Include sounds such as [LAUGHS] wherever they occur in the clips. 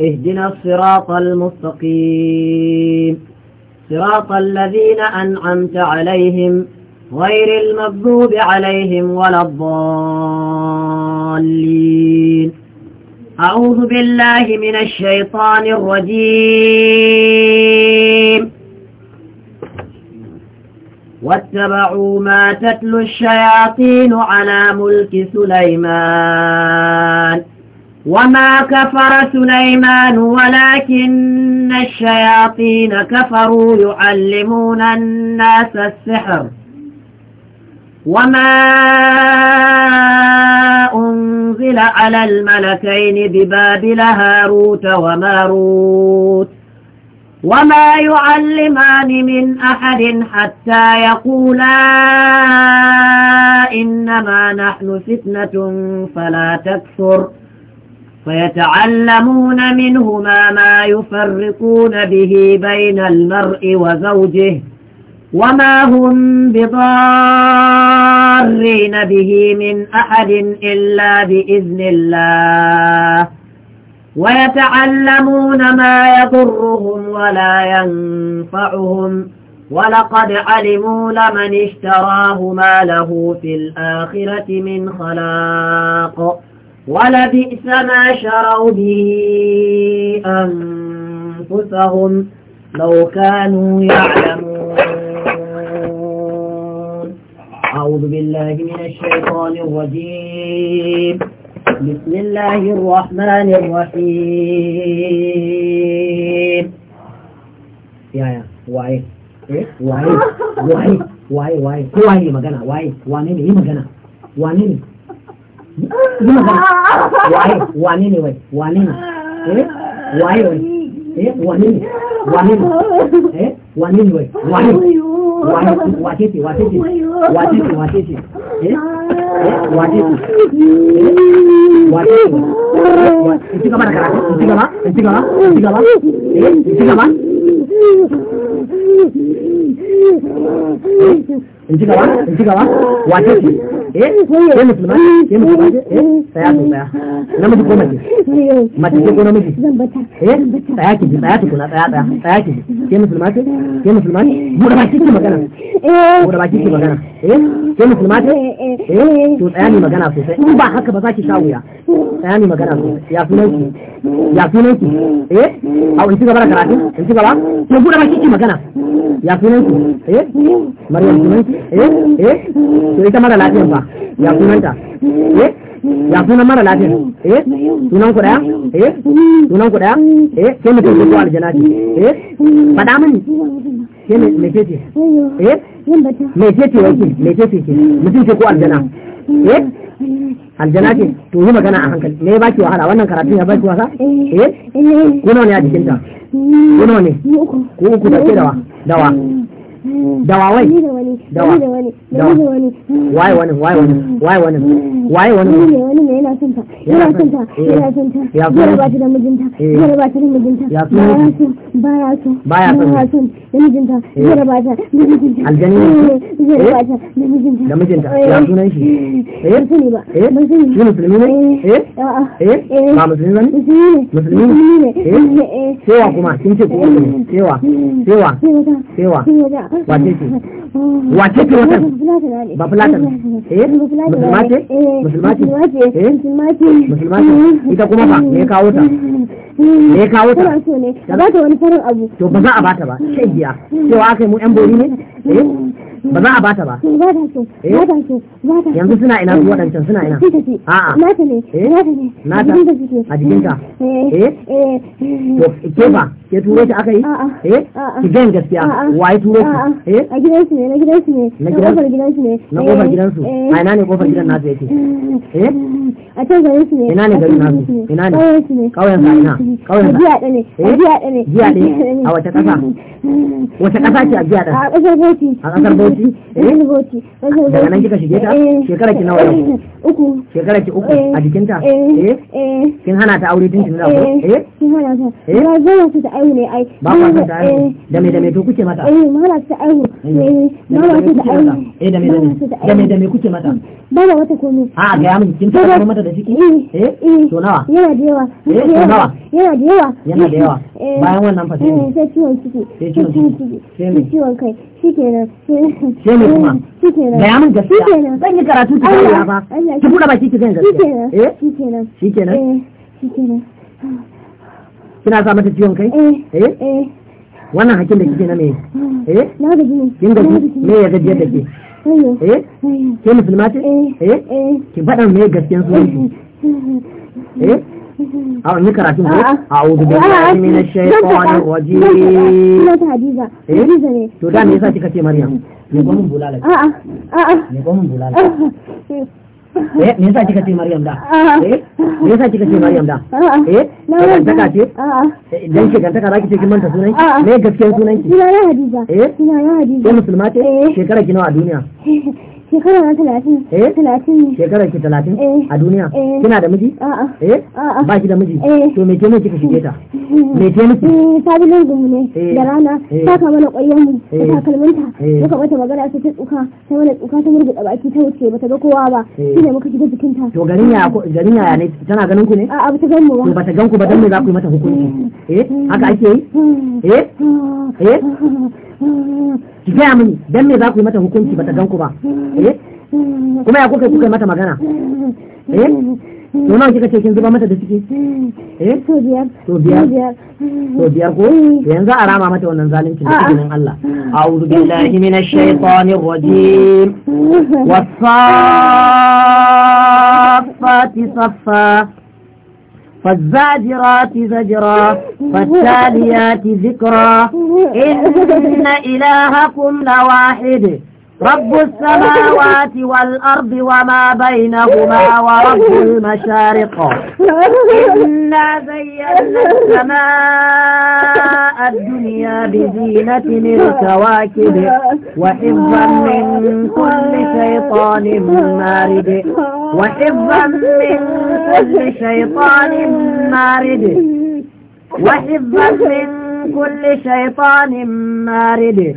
اهدنا الصراط المستقيم صراط الذين أنعمت عليهم غير المغضوب عليهم ولا الضالين أعوذ بالله من الشيطان الرجيم واتبعوا ما تتلو الشياطين على ملك سليمان وما كفر سليمان ولكن الشياطين كفروا يعلمون الناس السحر وما أنزل على الملكين ببابل هاروت وماروت وما يعلمان من أحد حتى يقولا إنما نحن فتنة فلا تكفر فيتعلمون منهما ما يفرقون به بين المرء وزوجه وما هم بضارين به من أحد إلا بإذن الله ويتعلمون ما يضرهم ولا ينفعهم ولقد علموا لمن اشتراه ما له في الآخرة من خلاق ولبئس ما شروا به أنفسهم لو كانوا يعلمون أعوذ بالله من الشيطان الرجيم بسم الله الرحمن الرحيم يا يا واي واي واي واي واي واي واي واي واي واي واي واي واي واي waye wane ne wai wane ne eh, wai wane eh, wane ne wane ne wai wane wace ce wace ce wace ce wace ce wace ce wace ce ci gaba da karatu ci gaba ci eh, ci gaba ci gaba in eh? eh? eh? ci gaba eh ke musulma ke musulma tsaya ko ce ko tsaya tsaya tsaya tsaya tsaya ke musulma ce ke musulma ne magana magana ke musulma ce to tsaya ni magana sosai ba haka ba wuya tsaya ni magana sosai ya sunan ki ya sunan ki eh au in ci gaba karatu mu magana ya sunan ki ya sunan ki eh eh to ita mara lafiyan ba ya sunanta eh ya sunan mara lafiya eh sunan ku daya eh sunan ku daya eh sai mutum ya zuwa aljanati eh faɗa mini ke me ke ce eh me ke ce yake me ke ce ke mutum ce ko aljana eh aljana ce to yi magana a hankali me ba ki wahala wannan karatu ya ba ki wasa eh ko nawa ne a jikinta ko nawa ne ko uku da ke dawa dawa da wa wai. da wa wani da wani waye wani waye wani waye wani wani ne wani ne yana son ta yana son ta yana eh. son ta ya gora ba da mijinta gora eh. ba ta da mijinta ya so baya so baya so baya so da mijinta eh. ya gora ba ta da mijinta aljani ne gora ba da mijinta da mijinta ya sunan shi eh ban sani ba ban sani shi musulmi ne ah, ah. eh eh ba musulmi ba ne musulmi ne eh sewa kuma kin ce ko hmm. sewa sewa sewa sewa wace ce wace ce wata ba fulatan eh musulma ce musulma ce eh musulma ce ita kuma me kawo ta me kawo ta ba ta wani farin abu to ba za a bata ba shegiya cewa aka yi mu yan bori ne Eh? ba za a bata ba eh, eh? yanzu suna ina su waɗancan suna ina a'a nata ne nata a jikinka to ke ba ke turo ta aka yi ki gan gaskiya waye turo ki a gidan su ne na gidan su ne na kofar gidan su ne na kofar gidan su a ina ne kofar gidan nasu yake a can gari su ne ina ne gari nasu ina ne kauyen sa ina kauyen sa jiya jiya ɗane a wace ƙasa [LAUGHS] wace ƙasa ce a jiya ɗin bauchi a ƙasar bauchi eh bauchi daga nan kika shige ta eh. shekara ki nawa eh, uku shekara ki uku eh. a jikinta eh kin hana ta aure tun tun da ko eh kin hana ta ba zan ta ne ai ba ba ta da me da me to kuke mata eh ma ta eh ta eh da me da me da me da me kuke mata ba ah, ba wata komai a ga ya kin ta mata da ciki eh to nawa yana da yawa eh to nawa yana da yawa yana da yawa bayan wannan fa sai ciwon ciki sai ciwon ciki sai ciwon kai shi kenan shi ne kuma gaya min gaskiya zan yi karatu ki dawo ba ki buɗe baki ki zan gaskiya eh shi kenan shi kenan eh, shi kenan kina sa mata ciwon kai eh, eh eh wannan hakin da kike na me ah, eh na kin gaji me ya gaji da ke eh ke musulma eh, eh ki faɗa me gaskiyan su [LAUGHS] eh أو نقرأ شنو أعوذ بالله من الشيطان الرجيم لا تعجيزة Hadiza. Eh? to da me yasa kika ce Maryam me gomin bulala a'a a'a bulala eh me yasa kika ce Maryam da eh me yasa kika ce Maryam da eh na taka ce a'a eh, dan ki ce kin manta sunan ki me gaskiyar sunan ki ina ya Hadiza eh ina ya Hadiza ke musulma ce eh. shekara ki nawa a duniya [LAUGHS] shekara na eh? talatin eh talatin shekara ki talatin a duniya eh. kina da miji a'a eh a'a ba ki da miji eh. to me kenan kika shige ta me ke miki eh sabilin gumu ne da rana ta kama na ƙwayar mu da takalminta muka mata magana sai ta tsuka ta mana tsuka ta murga da baki ta wuce bata ga kowa ba shi ne muka shiga jikin ta to garin ya garin ya ne tana ganin ku ne a'a bata gan mu ba to bata gan ku ba dan me za ku yi mata hukunci eh haka ake yi eh eh ah. Ah. Ah. ki gaya mini dan me za ku yi mata hukunci bata gan ku ba eh? kuma ya kuka kuka mata magana eh to nawa kika ce kin zuba mata da ciki eh to biyar to biyar to biyar ko eh. yanzu a rama mata wannan zalunci da cikin Allah a'udhu billahi minash shaitanir rajim [LAUGHS] was-saffati saffa فالزاجرات زجرا فالتاليات ذكرا إن إلهكم لواحد رب السماوات والأرض وما بينهما ورب المشارق إنا زينا السماء الدنيا بزينة الكواكب وحفظا من كل شيطان مارد وحفظا من كل شيطان مارد وحفظا من كل شيطان مارد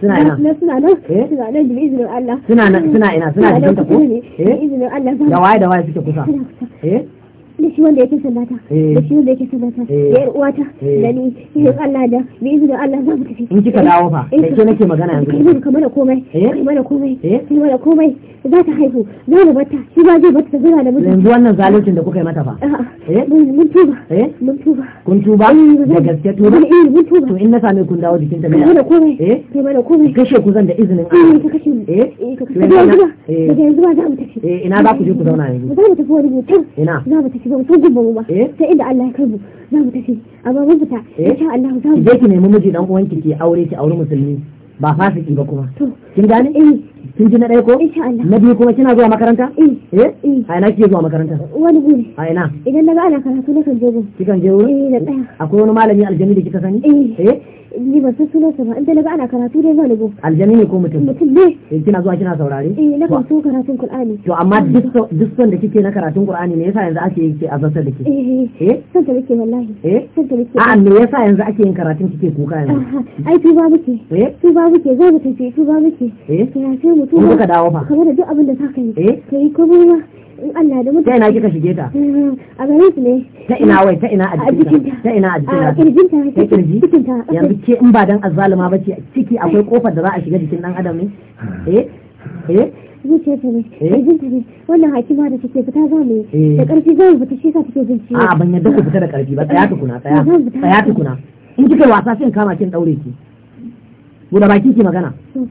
suna ina suna nan eh? suna nan bi izinin Allah suna ina suna jikin ta ko eh da waye da waye suke kusa eh da shi wanda yake sallata eh. da shi wanda yake sallata da eh. yar uwata da eh. ni in Allah da bi izinin Allah za mu tafi in kika dawo fa kai ke nake magana yanzu kai kamar da komai ka mana komai kamar da komai za ta haihu za mu bata shi ba zai bata zura da mutum yanzu wannan zaluncin da kuka yi mata fa mun tuba mun tuba kun tuba da gaske tuba mun tuba to in na same kun dawo jikin ta ka mana komai ka mana komai kashe ku zan da izinin Allah ka kashe eh ka kashe yanzu ba za mu tafi ina za ku je ku zauna yanzu za mu tafi wani mutum. ina za mu tafi ban ko gubo ba eh? ta inda Allah ya karbu za mu tafi amma mun fita eh? insha Allah za mu je ki nemi miji dan uwanki ki aure ki aure musulmi ba fasiki ba kuma kin gani in eh. kin ji na d'ai ko na biyu kuma kina zuwa makaranta eh, eh? eh. ai na kike zuwa makaranta wani guri ai na idan na ga ana karatu na kan je gurin kikan je wurin eh da ɗaya akwai wani malami aljami da kika sani eh ni ba su sunan sa ba inda na ga ana karatu dai zan go aljami ne ko mutum mutum ne eh kina zuwa kina saurare eh na kan so karatun qur'ani to amma duk son da kike na karatun qur'ani me yasa yanzu ake yake azabtar da ke eh son ta kike wallahi eh son ta kike a'a me yasa yanzu ake yin karatun kike kuka yanzu ai tuba muke eh tuba muke zo mu tafi tuba muke ne eh? eh sai mutum ka dawo fa kamar da duk abin da zaka yi eh kai ko ba in Allah da mutum ta ina kika shige ta eh, a gare su ne ta ina wai ta ina a jikin ta ta ina a jikin ta ta kirji yanzu ke in ba dan azzaluma ba ce ciki akwai kofar da za a shiga jikin dan adam ne hmm. eh eh ta ne eh? ta ne wannan hakima da take fita za mu da karfi za mu fita shi sa take jin ciwo a ban yadda ku fita da karfi ba tsaya tukuna tsaya tsaya tukuna in kika wasa sai in kama kin daure ki guda baki ki magana hmm.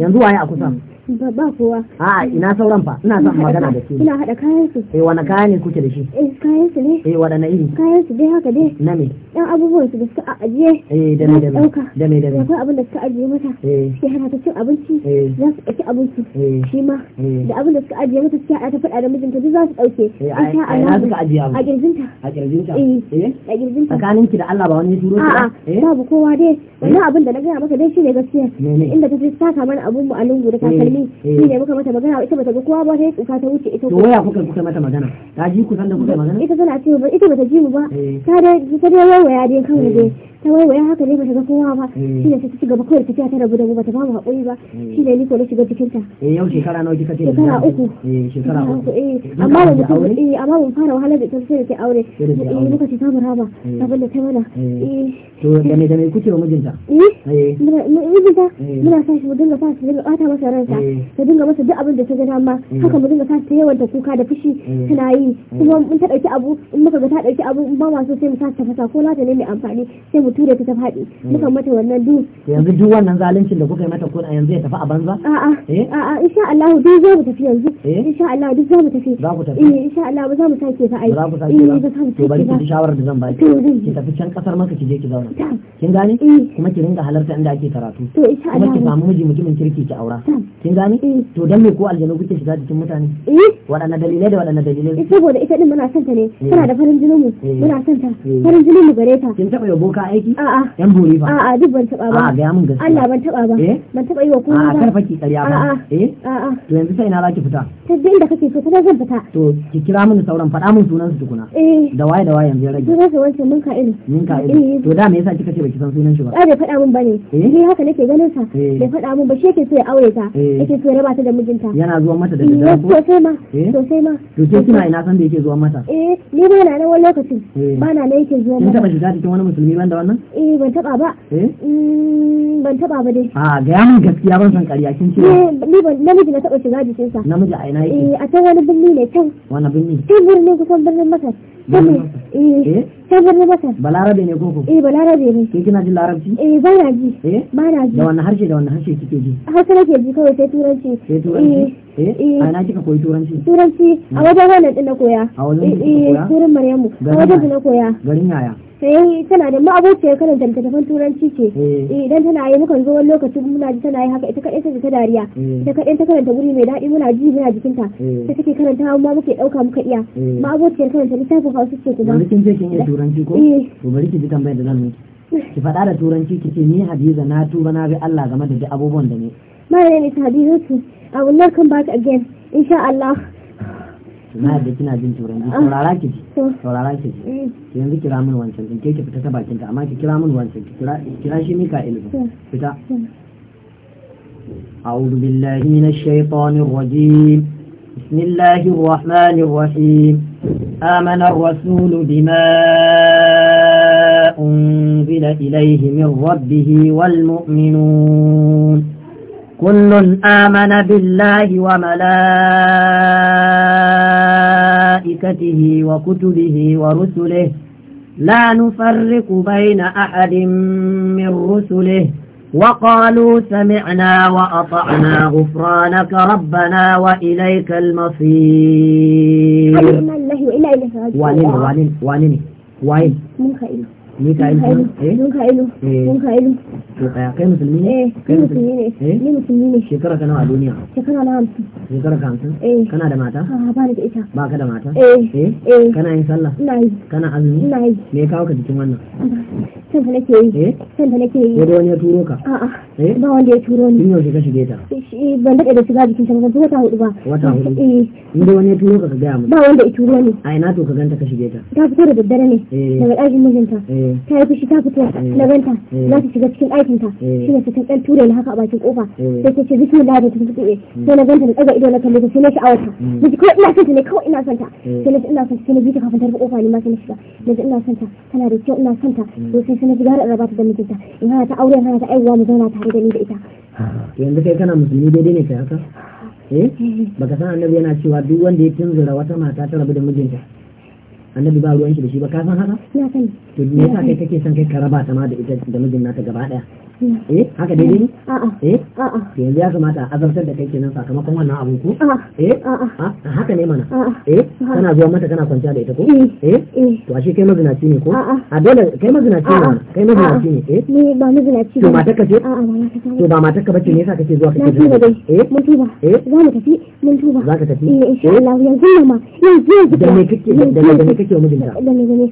yanzu waye a kusa ba kowa a ina sauran fa ina zan magana da su ina haɗa kayan su eh wani kaya ne kuke da shi eh kayan su ne eh wadana iri kayan su dai haka dai na me ɗan abubuwan su da suka ajiye eh da me da me da me da me akwai abin da suka ajiye mata eh sai hana ta cin abinci eh. za su ɗauki abinci eh. shi ma eh. da abin da suka ajiye mata sai ta faɗa da mijinta duk za su ɗauke. insha Allah a suka ajiye abu a girjinta a girjinta eh a girjinta ki da Allah ba wani ya turo ki ba eh babu kowa dai wannan abin da na gaya maka dai shine gaskiya inda ta ce saka mana abun mu a lungu da takalmi din shi ne muka mata magana ita bata ga kowa ba sai tsufa ta wuce ita to waya kuka kuka mata magana ta ji ku san da kuka magana ita tana ce ita bata ji mu ba eh. ta dai ta da waya dai kawai dai eh. ta waiwaye haka ne ta ga kowa ba eh. shi ne ta ci gaba kawai tafiya ta rabu da mu bata ba mu haƙuri ba eh. shi ne niko na shiga jikinta eh yau shekara nawa kika ce shekara uku eh shekara uku eh. eh amma ba mutum eh amma mun fara wahala da ta sai da aure eh muka ci samu raba abin da ta mana eh to da me da me kuke wa mijinta eh mijinta muna sa shi mu dinga sa shi dinga bata masa ransa ta dinga masa duk abin da ta ga dama haka mu dinga sa ta yawanta kuka da fushi tana yi kuma mun ta dauki abu in muka ga ta dauki abu in ba ma so sai mu sa ta fasa ko lata ne mai amfani sai mu da ta faɗi hmm. muka mata wannan duk yanzu duk wannan zaluncin da kuka yi mata ko yanzu ya tafi a banza a'a eh? a'a insha Allah duk za mu tafi yanzu eh? insha Allah duk za mu tafi za ku tafi eh insha Allah za mu sake ka aiki za ku sake eh, to bari ki shawarar da zan ba ki tafi can kasar maka ki je ki zauna kin gane kuma ki ringa halarta inda ake karatu to insha Allah kuma ki samu miji mutumin kirki ki aura kin gane to dan me ko aljanu kuke shiga jikin mutane eh waɗanne dalilai da waɗanne dalilai saboda ita din muna son ta ne tana da farin jinin mu muna son ta farin jinin mu gare ta kin taba yabo ka aiki a'a yan bori ba a'a duk ban taba ba a'a ga mun gaskiya Allah ban taba ba eh? ban taba yi wa kowa ba a'a kar faki ƙarya ba eh a'a to yanzu sai ina zaki fita ta da inda kake so kuma zan fita to ki kira mun sauran faɗa mun sunan su tukuna eh da waye da waye yanzu ya rage to sai wancan mun ka ilu mun ka ilu eh. to da me yasa kika ce baki san sunan shi ba bai faɗa mun bane Eh. ni haka nake ganin sa eh. bai faɗa mun ba shi yake so ya aure ta yake so ya raba ta da mijinta yana zuwa mata da dare ko To sai ma to sai ma to ke kina ina san da yake zuwa mata eh ni ba na nan wani lokacin ba na nan yake zuwa mata ba shi shiga cikin wani musulmi banda nan? Eh ban taba ba. Eh? Mm, ban taba ba dai. a ga min gaskiya ban san ƙarya kin ce. Eh, ni ban namiji na taba shiga jikinsa. Namiji a ina yake? Eh a can wani birni ne can. Wani birni? Can birni kusan birnin Masar. sai birni basar balarabe ne koko eh balarabe ne ke kina jin larabci eh ba na ji eh ba na ji da wannan harshe da wannan harshe kike ji hausa nake ji kawai sai turanci sai turanci eh, eh? eh. a na kika koyi turanci turanci a wajen wannan din na koya a wajen eh turin eh, maryamu a wajen na koya garin yaya sai tana da ma'abociyar karanta littattafan turanci ce idan tana yi muka zo wani lokacin muna ji tana yi haka ita kadai ta ta dariya ita kadai ta karanta guri mai daɗi muna ji muna jikinta ta take karanta mu ma muke ɗauka muka iya ma'abociyar karanta littafin su ce ku zama kin je kin iya turanci ko eh. to bari ki ji tambayar da zan miki ki faɗa da turanci ki ce ni hadiza na tuba na bi Allah game da duk abubuwan da ne ne name hadiza ce i will not come back again insha Allah na yadda kina jin turanci saurara ki ji saurara ki ji ki mm. yanzu kira min wancan din ke ki fita ta bakin ta amma ki kira min wancan ki kira kira shi mika ilmi fita أعوذ بالله من الشيطان الرجيم بسم الله الرحمن الرحيم آمن الرسول بما أنزل إليه من ربه والمؤمنون كل آمن بالله وملائكته وكتبه ورسله لا نفرق بين أحد من رسله وقالوا سمعنا وأطعنا غفرانك ربنا وإليك المصير وانين وانين وانين وانين ميكائيل ميكائيل ميكائيل ميكائيل to tsaya kai musulmi ne eh, ni eh? musulmi ne shekara ka nawa a duniya shekara na hamsin shekara ka hamsin eh. kana da mata a ah, ba ni da ka da mata eh eh yin sallah ina yi azumi me ya kawo wannan san ta nake yi san wani ya turo ka a'a ba wanda ya turo ni yau ka shige ban daɗe da shiga jikin shan wata hudu ba wata hudu eh inda wani ya turo ka gaya mu ba wanda ya turo ni a ina to ka ganta ta ta da daddare ne daga ɗakin mijinta ta yi fushi ta fito na ganta za ta shiga cikin ɗakin kafinta mm. shi ne cikin ɗan na haka a bakin kofa mm. sai ta ce bismillah da ta fito eh sai na ganta da daga ido na kalle ta sai na shi a wata na ji kawai ina santa ne kawai ina santa sai na ji ina santa sai na bita kafin ta rufe kofa ne ma sai na shiga na ji ina santa tana da kyau ina santa to sai sai na gara raba ta da mijinta in hana ta aure in hana ta aiwa mu zauna tare da ni da ita yanzu kai kana musulmi daidai ne kai haka eh [LAUGHS] baka san annabi yana cewa duk wanda ya tunzura wata mata ta rabu da mijinta annabi ba ruwan shi da shi ba ka san haka na sani to me yasa kai kake son kai ka raba ta ma da ita da mijin nata gaba daya hmm. eh haka dai ne a eh a a to yanzu ya kamata a azabtar da kai kenan sakamakon wannan abu ko a eh a a haka ne mana eh kana zuwa mata kana kwanciya da ita ko eh eh, eh. to ashe kai mazinaci ne ko a a a dole kai mazinaci ne kai mazinaci ne eh ni ba mazinaci to matarka ce a'a to ba ka bace ne yasa kake zuwa kake zuwa eh mun tuba eh za mu tafi mun tuba za ka tafi eh insha eh? Allah yanzu ma yanzu da me kake da me kake take wa mijinta Allah ne gane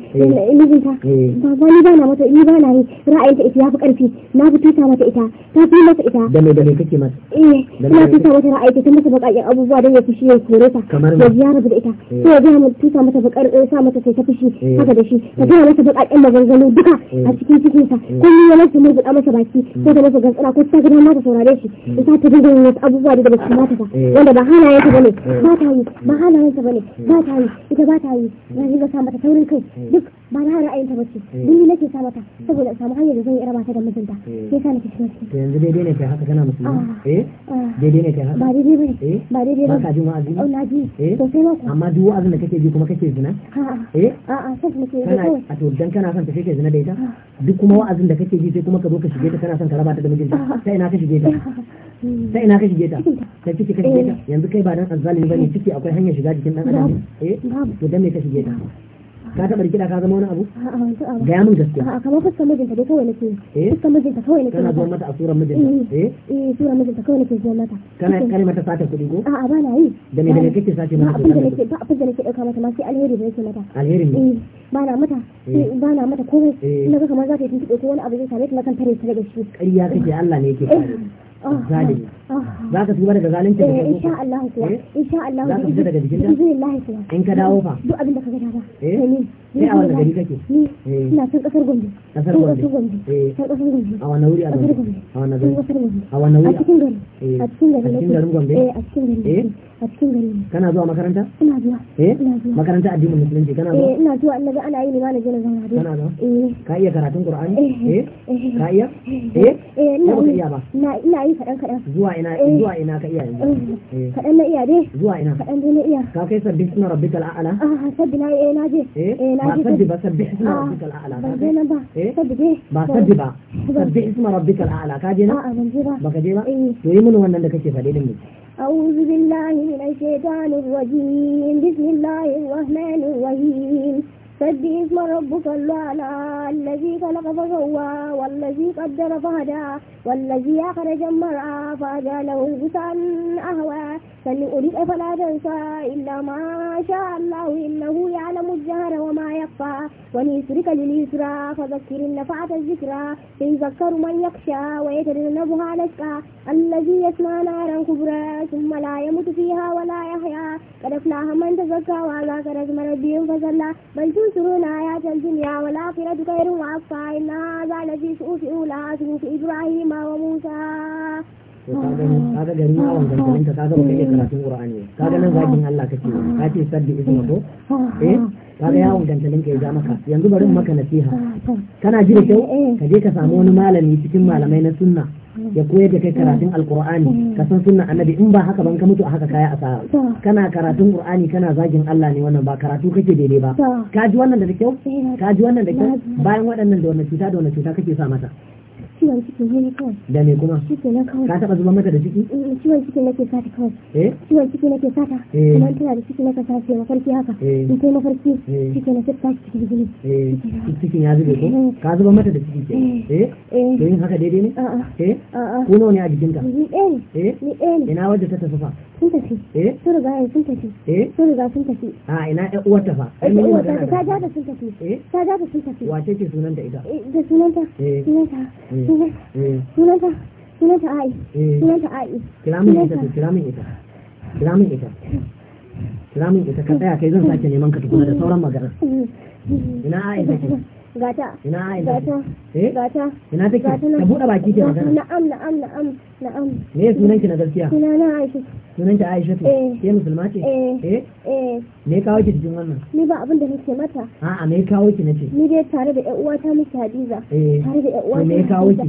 mijinta eh. baba ni bana mata ni bana yi ra'ayinta ita yafi karfi na fi tuta mata ita ta fi mata ita da me da me kake mata eh ina tuta mata ra'ayinta ta masa baƙaƙen abubuwa dan ya fushi ya kore ta ya ziyara yaro da ita sai eh. ya gaya mu tuta mata bakar eh, sa mata sai ta fushi haka da shi ta ga mata bakakin maganganu duka a cikin cikin sa kullum ya masa mai buɗa masa baki hmm. ko ta masa gantsara ko ta gudanar mata saurare shi hmm. ita ta dinga yin wasu abubuwa da ba su mata ba wanda ba halayen ta bane ba ta yi ba halayen ta bane hmm. ba ta yi ita ba ta yi dinga sa mata taurin kai duk ba na hana ayinta bace eh. dini nake ke samata hmm. saboda samu hanyar da zai yi raba ta da mijinta eh. sai sa nake shi to yanzu daidai ne kai haka kana musulma ah. eh ah. daidai ne kai haka ba daidai bane eh? ba daidai bane ba ka ji wa'azi ne na ji to sai ma amma duk wa'azin da kake ji kuma kake zina eh a a sai nake kana a to dan kana son ta kake zina da ita ah. duk kuma wa'azin da kake ji sai kuma ka zo ka shige ta kana son ka raba ta da mijinta sai ina ka shige ta sai [LAUGHS] ina ka shige ta ta ka shige ta yanzu kai ba dan azzalimi bane ciki akwai hanyar shiga jikin dan adam eh to dan me ka shige ta ka taɓa rikida ka zama wani abu ya mun gaskiya a kamar fuskar mijinta dai kawai nake eh? fuskar mijinta kawai nake kana zuwa mata a suran mijinta eh eh, eh? eh suran mijinta kawai nake zuwa mata kana kare mata sata kudi ko a'a ba na yi da me da ne kake sace mata abin da nake ba abin da nake ɗauka mata ma sai alheri da mata alheri ne ba na mata ba na mata komai ina ga kamar za ta yi tuntuɓe ko wani abu zai same ta na kan tare ta daga shi ƙarya kake Allah ne yake ah. zalimi za ka tuba daga zalunci da eh, in sha Allah kuwa eh? Insha Allah Allah za ka fita daga jikin ta in ka dawo fa duk abin da ka gada ba eh ne a wannan gari kake eh. ina son kasar Gombe kasar Gombe kasar Gombe a wannan wuri a Gombe a wannan gari a wannan wuri a cikin gari Eh. a cikin gari a cikin garin Gombe eh a cikin gari Eh. a cikin gari kana zuwa makaranta ina zuwa eh Ina zuwa. makaranta addinin musulunci kana zuwa eh ina zuwa annabi ana yi limana jira zama. hadu kana zuwa eh ka iya karatun qur'ani eh ka iya eh eh ina iya ba ina ina yi kadan kadan zuwa ina eh. zuwa ina suna rabbi a ah, ah, eh, eh, sabbi sabbi ba sabbi ah, rabbi ba je nan ba baka je ba to yi mini wannan da kake faɗe din ne أعوذ بالله من الشيطان الرجيم بسم الله الرحمن الرحيم سبح اسم ربك الأعلى الذي خلق فسوى والذي قدر فهدى والذي أخرج المرعى فأجعله غثاء أهوى فلنريك فلا تنسى إلا ما شاء الله إنه يعلم الجهر الصفا وليسرك لليسرى فذكر النفعة الذكرى سيذكر من يخشى ويتجنبها الأشقى الذي يسمع نارا كبرى ثم لا يموت فيها ولا يحيا قد أفلاها من تزكى وذاكر اسم ربهم فصلى بل تنصرون آيات الدنيا والآخرة خير وأبقى إن هذا لفي صحف أولى صحف إبراهيم وموسى kaga gari yawon zanzanin kaga baka iya karatun qur'ani kaga nan zakin Allah kake ka ce sabbi ismu eh kaga yawon dantalin ka ya ja maka yanzu bari maka nasiha kana ji da kyau eh. ka ka samu wani malami cikin malamai na sunna hmm. ya koyar da kai karatun alkur'ani hmm. ka san sunna annabi in ba haka ban ka mutu a haka kaya sa'a kana karatun qur'ani kana zagin Allah ne wannan ba karatu kake daidai ba ka ji wannan da kyau eh. ka wannan da kyau bayan waɗannan da wannan cuta da wannan cuta kake sa mata ciwon ciki ne kawai da me kuma ciki na kawai ka taba zuba mata da ciki mm, mm, ciwon ciki nake sata kawai eh ciwon ciki nake sata eh. kuma tana da ciki nake sata na farki haka eh. in kai na farki ciki na sata ciki ne eh, eh. cikin ya zube ko ka zuba mata da ciki eh eh don haka daidai ne a'a eh a'a ko nawa ne a jikinta ni ɗaya ne eh ni ɗaya ne ina wadda ta tafi fa sun tafi eh sun riga sun tafi eh sun riga sun tafi a ina ɗan uwar ta fa ai ne uwar ta ta ja da sun tafi eh ta ja da sun tafi wace ce sunanta ita da sunanta sunanta sunanta eh. kira min ita kira min ita kira min ita kira min ita ka tsaya kai zan sake neman ka tukuna da sauran magana [LAUGHS] ina ai take gata ina gata eh gata ina take ka buɗe baki ke magana na'am na'am na'am na'am me sunan ki na gaskiya sunan na Aisha sunan ki Aisha eh ke musulma ce eh. eh eh me kawo ki cikin wannan ni ba abin da nake mata a'a me kawo ki nace ni dai tare da ƴan uwata muke Hadiza eh. tare da ƴan uwata me kawo ki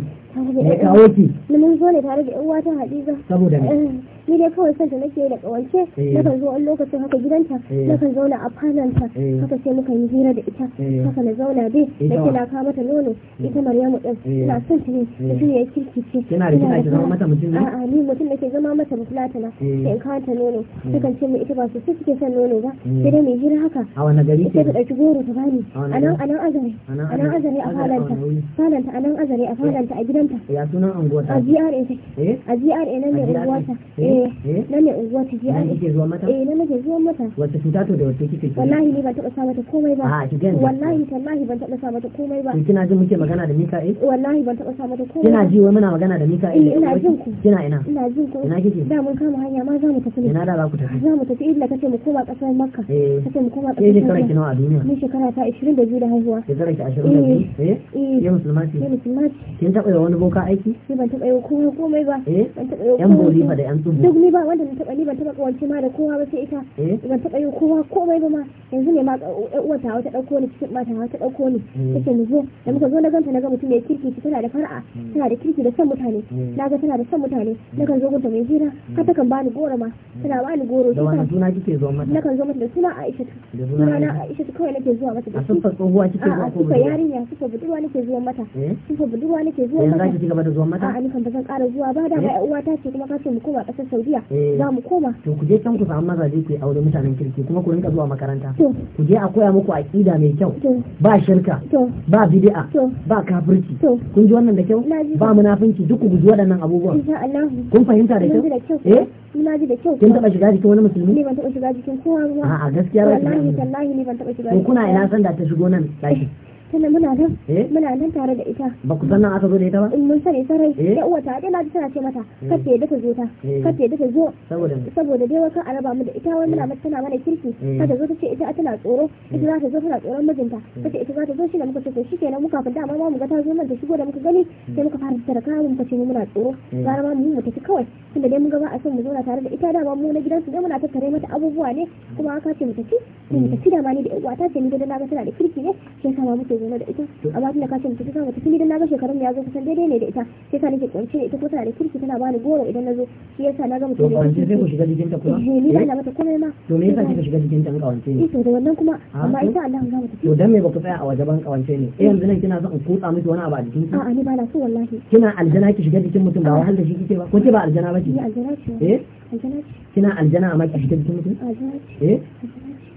me kawo ki mun zo ne tare da ƴan uwata Hadiza saboda me eh. ni dai kawai san ta nake da kawance eh. na kan zo wani lokacin haka gidanta eh. na kan zauna a falanta eh. haka sai muka yi hira da ita haka na zauna dai na ke na kawo mata nono ita maryamu din ina son ta ne mutum ya kirki ce kina da kina ki zama mata mutum ne a'a ni mutum nake zama mata fulata na sai in kawanta nono sukan ce mu ita ba su suke son nono ba sai dai mai hira haka a wani gari ce ta dauki goro ta bani a nan azare a nan azare a falanta falanta a azare a falanta a gidanta ya sunan anguwa ta a GRA a GRA nan ne unguwa ta eh eh nan eh? ne unguwa ta je an ke zuwa mata eh nan nake zuwa mata wace cuta to da wace kike wallahi ni ban taba sa mata komai ba a ki wallahi tallahi ban taba sa mata komai ba eh, kina ji muke magana da Mika eh wallahi ban taba sa mata komai kina ji wai muna magana da Mika eh ina jin ku kina ina ina jin ku ina kike da mun kama hanya ma za mu tafi ina da za ku tafi za mu tafi inda kace mu koma kasar Makka kace eh. mu koma kasar Makka kina a duniya ni shekara ta 22 da biyu da haihuwa shekara ta 22 eh eh musulma ce musulma ce kin taba wani boka aiki ban taba yi komai ba eh ban taba yi komai ba da yan tsubu duk ni ba wanda na taba ni ban taba kawance ma da kowa ba sai ita eh? ban taba yin kowa komai ba ma yanzu ne ma ɗan uwa ta wata dauko ni cikin mata ta dauko ni mm. take ni zo da muka zo na ganta na ga mutum mai kirki ki tana da fara'a mm. tana da kirki da son mutane mm. na ga tana da son mutane na kan zo gunta mai hira har ta kan bani goro ma tana bani goro da wani suna kike zo mata na kan zo mata da suna Aisha suna na Aisha kawai nake zuwa mata da sufa tsohuwa kike zuwa ko ba yarinya kike budurwa nake zuwa mata kike eh? budurwa nake zuwa mata yanzu ki gaba da zuwa mata a ni kan ba zan ƙara zuwa ba da ba eh? uwa ta ce kuma ka ce mu koma kasar Saudiya eh. za mu koma to ku je can ku samu mazaje ku aure mutanen kirki kuma ku rinka zuwa makaranta ku je a koya muku aqida mai kyau ba shirka ba bid'a ba kafirci kun ji wannan da kyau ba munafinci duk ku guji waɗannan abubuwa kun fahimta da kyau eh na ji da kyau kin taba shiga jikin wani musulmi ne ban taba shiga jikin kowa ba a gaskiya ba wallahi tallahi ne ban taba shiga ko kuna ina san da ta shigo nan daki tana muna nan eh? muna nan tare da ita ba ku san nan aka zo da ita ba in eh, mun sani sarai da eh? uwa ta dai ladi tana ce mata kace da ta zo ta kace da ta zo saboda saboda dai ka araba mu da ita wai muna mata tana mana kirki ta zo ta ce ita tana tsoro ita za ta zo tana tsoron mijinta kace ita za ta zo shi da muka ce to shikenan muka fada amma mu ga ta zo nan ta shigo da muka gani sai muka fara tsara kaya mu ce muna tsoro gara ma mu tafi kawai tunda dai mun ga ba a son mu zauna tare da ita da ba mu na gidansu dai muna tattare mata abubuwa ne kuma haka ce mu tafi mu tafi da ma ni da uwa ta ce ni da na ga tana da kirki ne sai sama muke nake da ita a ba da kashin ta sama tafi idan na ga shekarun ya zo kusan daidai ne da ita sai ta nake kwance ita ko tana da kirki tana bani goro idan na zo shi yasa na ga mutum da ku shiga jikin ta kuma eh ni eh? na to me yasa kika shiga in ne eh, to ya ah, to dan ba ku tsaya a waje ban kawance ne eh yanzu kina son kutsa wani abu a na so wallahi kina aljana ki shiga jikin mutum ba da shi kike ba ko ce ba aljana ba ki eh? ce kina aljana amma ki shiga jikin mutum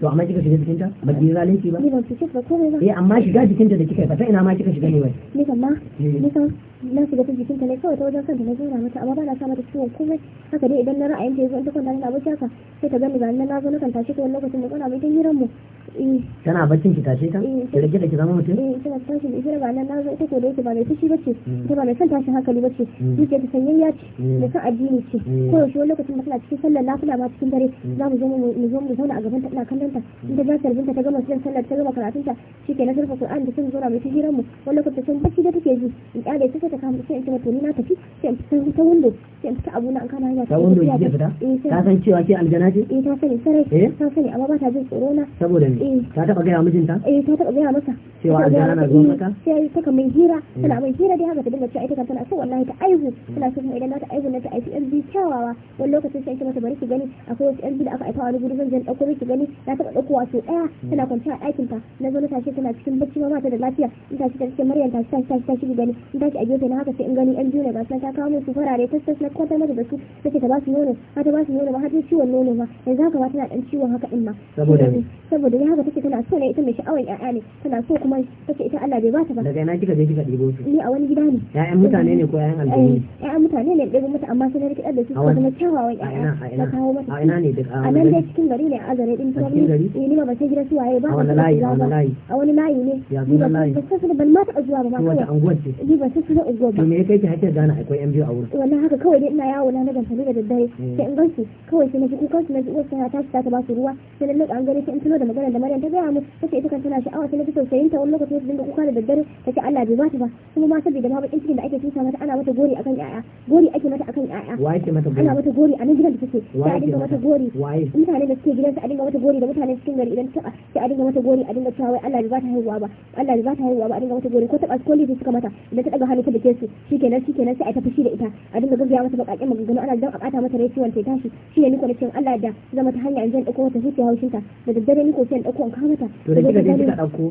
to amma kika shiga jikinta ba ki zalunci ba ni ban shiga ba me ba eh amma shiga jikinta da kika fata ina ma kika shiga ne wai ni kan ma ni kan na shiga ta jikinta ne kawai ta wajen kanta na jera mata amma ba na sa mata ciwon komai haka dai idan na ra'ayin ta yanzu ta kwanta na abinci haka sai ta gani ba na zo na kan tashi ta wani lokacin da kwana mai ta hiran mu eh. tana baccin ki tashe ta eh. da rage da ki zama mutum eh tana tashi da ita ba nan na zo ita ko da yake ba mai fushi bace hmm. ita ba mai son tashin hankali bace hmm. yake ta sanyayya ce hmm. mai son addini ce ko yaushe wani lokacin da tana cikin sallar nafila ma cikin dare za mu zo mu zo mu zauna a gaban ta ina kallon ta in ta ja sarbin ta ta gama cikin sallar ta gama karatun ta shi ke na sarfa Qur'an da sun zo na mai hiran mu wani lokacin bacci da take ji in kyale ta sai ta kama sai ta to ni na tafi sai ta ta window sai ta abu na an kama hanya ta window ki fita eh, ta san cewa ke aljana ce eh ta sani sarai eh? ta sani amma ba ta jin tsoro na saboda ni eh. ta taba ga mijinta eh ta taba ga masa cewa aljana na zuwa mata sai ta kamar hira tana mai hira dai haka ta dinga cewa ita tana so wallahi ta aihu tana so kuma idan ta aihu na ta aihu yan biyu kyawawa wani lokacin sai ta mata bari ki gani akwai wasu yan biyu da aka aika wani gudu zan jan dauko ki gani na taba dauko wato daya hmm. tana kwanciya a ɗakin ta na zo na tashi tana cikin bacci ma ba ta da lafiya in tashi ta cikin maryam tashi ta tashi gani in tashi a nake na haka sai in gani yan biyu na gasa ta kawo su farare tas na kwata mata da su nake ta ba su nono har ta ba su nono ma har ciwon nono ma yanzu haka tana dan ciwon haka din ma saboda saboda haka take tana so ne ita mai sha'awar ƴaƴa ne tana so kuma take ita Allah bai ba ta ba daga ina kika je kika ɗebo su ni a wani gida ne ƴaƴan mutane ne ko ƴaƴan eh, aljanu ƴaƴan mutane ne ɗebo mata amma sai na rike da su ko kuma kyawawan ƴaƴa na kawo mata a ina ne da a nan dai cikin gari ne a azare din to ni ni ma ba sai gida su waye ba a wani layi a wani layi ne ya sunan layi ban mata taɓa zuwa ba ma kawai ba sai unguwar Me kai ki hake gane akwai yan biyu a wurin? Wannan haka kawai dai ina yawo na ban sani da daddare mm. sai in gansu kawai sai na ji kukan su na ji uwarsa ta ta ba su ruwa sai na leka an gare sai in tuno da magana da Maryam ta gaya mu ta ce ita kan tana sha'awa sai na ji tausayin ta wani lokaci ta dinga kuka da daddare ta ce Allah bai ba ta ba kuma ma saboda ma bakin cikin da ake tusa mata ana mata gori akan yaya gori ake mata akan yaya. Wa mata gori? Ana mata gori a nan gidan da take sai a dinga mata gori. Mutane da suke gidan sai a dinga mata gori da mutane cikin gari idan ta sai a dinga mata gori a dinga cewa wai Allah bai ba ta haihuwa ba Allah bai ba ta haihuwa ba a dinga mata gori ko ta ba suka mata idan ta daga hannu ta cikin su shikenan shikenan sai a tafi shi da ita a dinga gaggaya mata bakakin maganganu ana dan a bata mata rai ciwon tashi shi ni niko da cin Allah da zama ta hanya in zan dauko mata zuciya haushin da daddare niko sai in dauko in kawo mata to da kika je kika dauko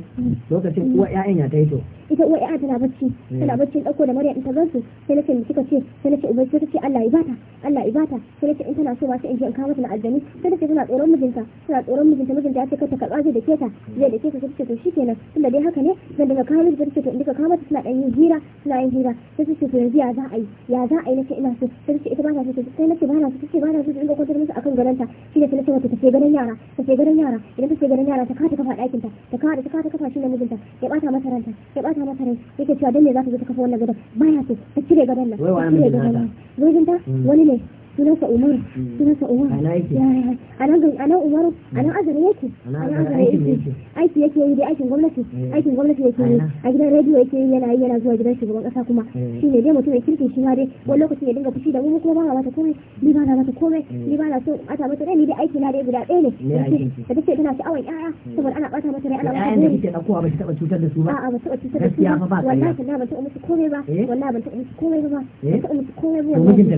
lokacin uwa ƴaƴan ya taito. ita uwa ƴaƴa tana bacci tana bacci dauko da Maryam ta su sai nace ni kika ce sai nace ubai sai ta ce Allah ya bata Allah ya bata sai ce in tana so ba sai in je in kawo mata na aljani sai ce tana tsoron mijinta tana tsoron mijinta mijinta ya ce kata karba zai da keta zai da keta sai ta ce to shikenan tunda dai haka ne zan daga kawo mata ta ce to in kama mata suna dan yin hira suna yin daɗi ba sai su ce to yanzu ya za a yi ya za a yi ina so sai su ce ita ba na so sai nake ba na so ce ba na so ta kwantar musu akan gadonta shi ne ta nace ta ce garan yara ta ce garan yara idan ta ce garan yara ta kawo ta kafa ɗakin ta ta kawo ta kawo ta kafa shi mijinta ya ɓata masa ranta ya ɓata masa rai yake cewa dan me za ta zo ta kafa wannan gadon ba ya so ta cire gadon nan ta cire gadon nan hmm. wani ne sunansa umar hmm. sunansa umar a nan umar a nan yake a nan yake aiki yake yi dai aikin gwamnati eh. aikin gwamnati yake yi a gidan rediyo yake yi yana yi yana zuwa gidan shugaban kasa kuma eh. shi ne dai mutum ya kirki shi ma dai hmm. wani lokaci ya dinga fushi da mu kuma ba na mata komai ni ba na mata komai eh. ni ba na so ata mata rai ni dai aiki na dai guda ɗaya ne da take tana sha'awar ƴaƴa saboda ana bata mata rai ana mata rai ƴaƴan da ɗaukowa ba ta taɓa cutar da su ba a'a ba taɓa cutar da su ba wallahi na ban taɓa musu komai ba wallahi ban taɓa musu komai ba ban taɓa musu komai ba wallahi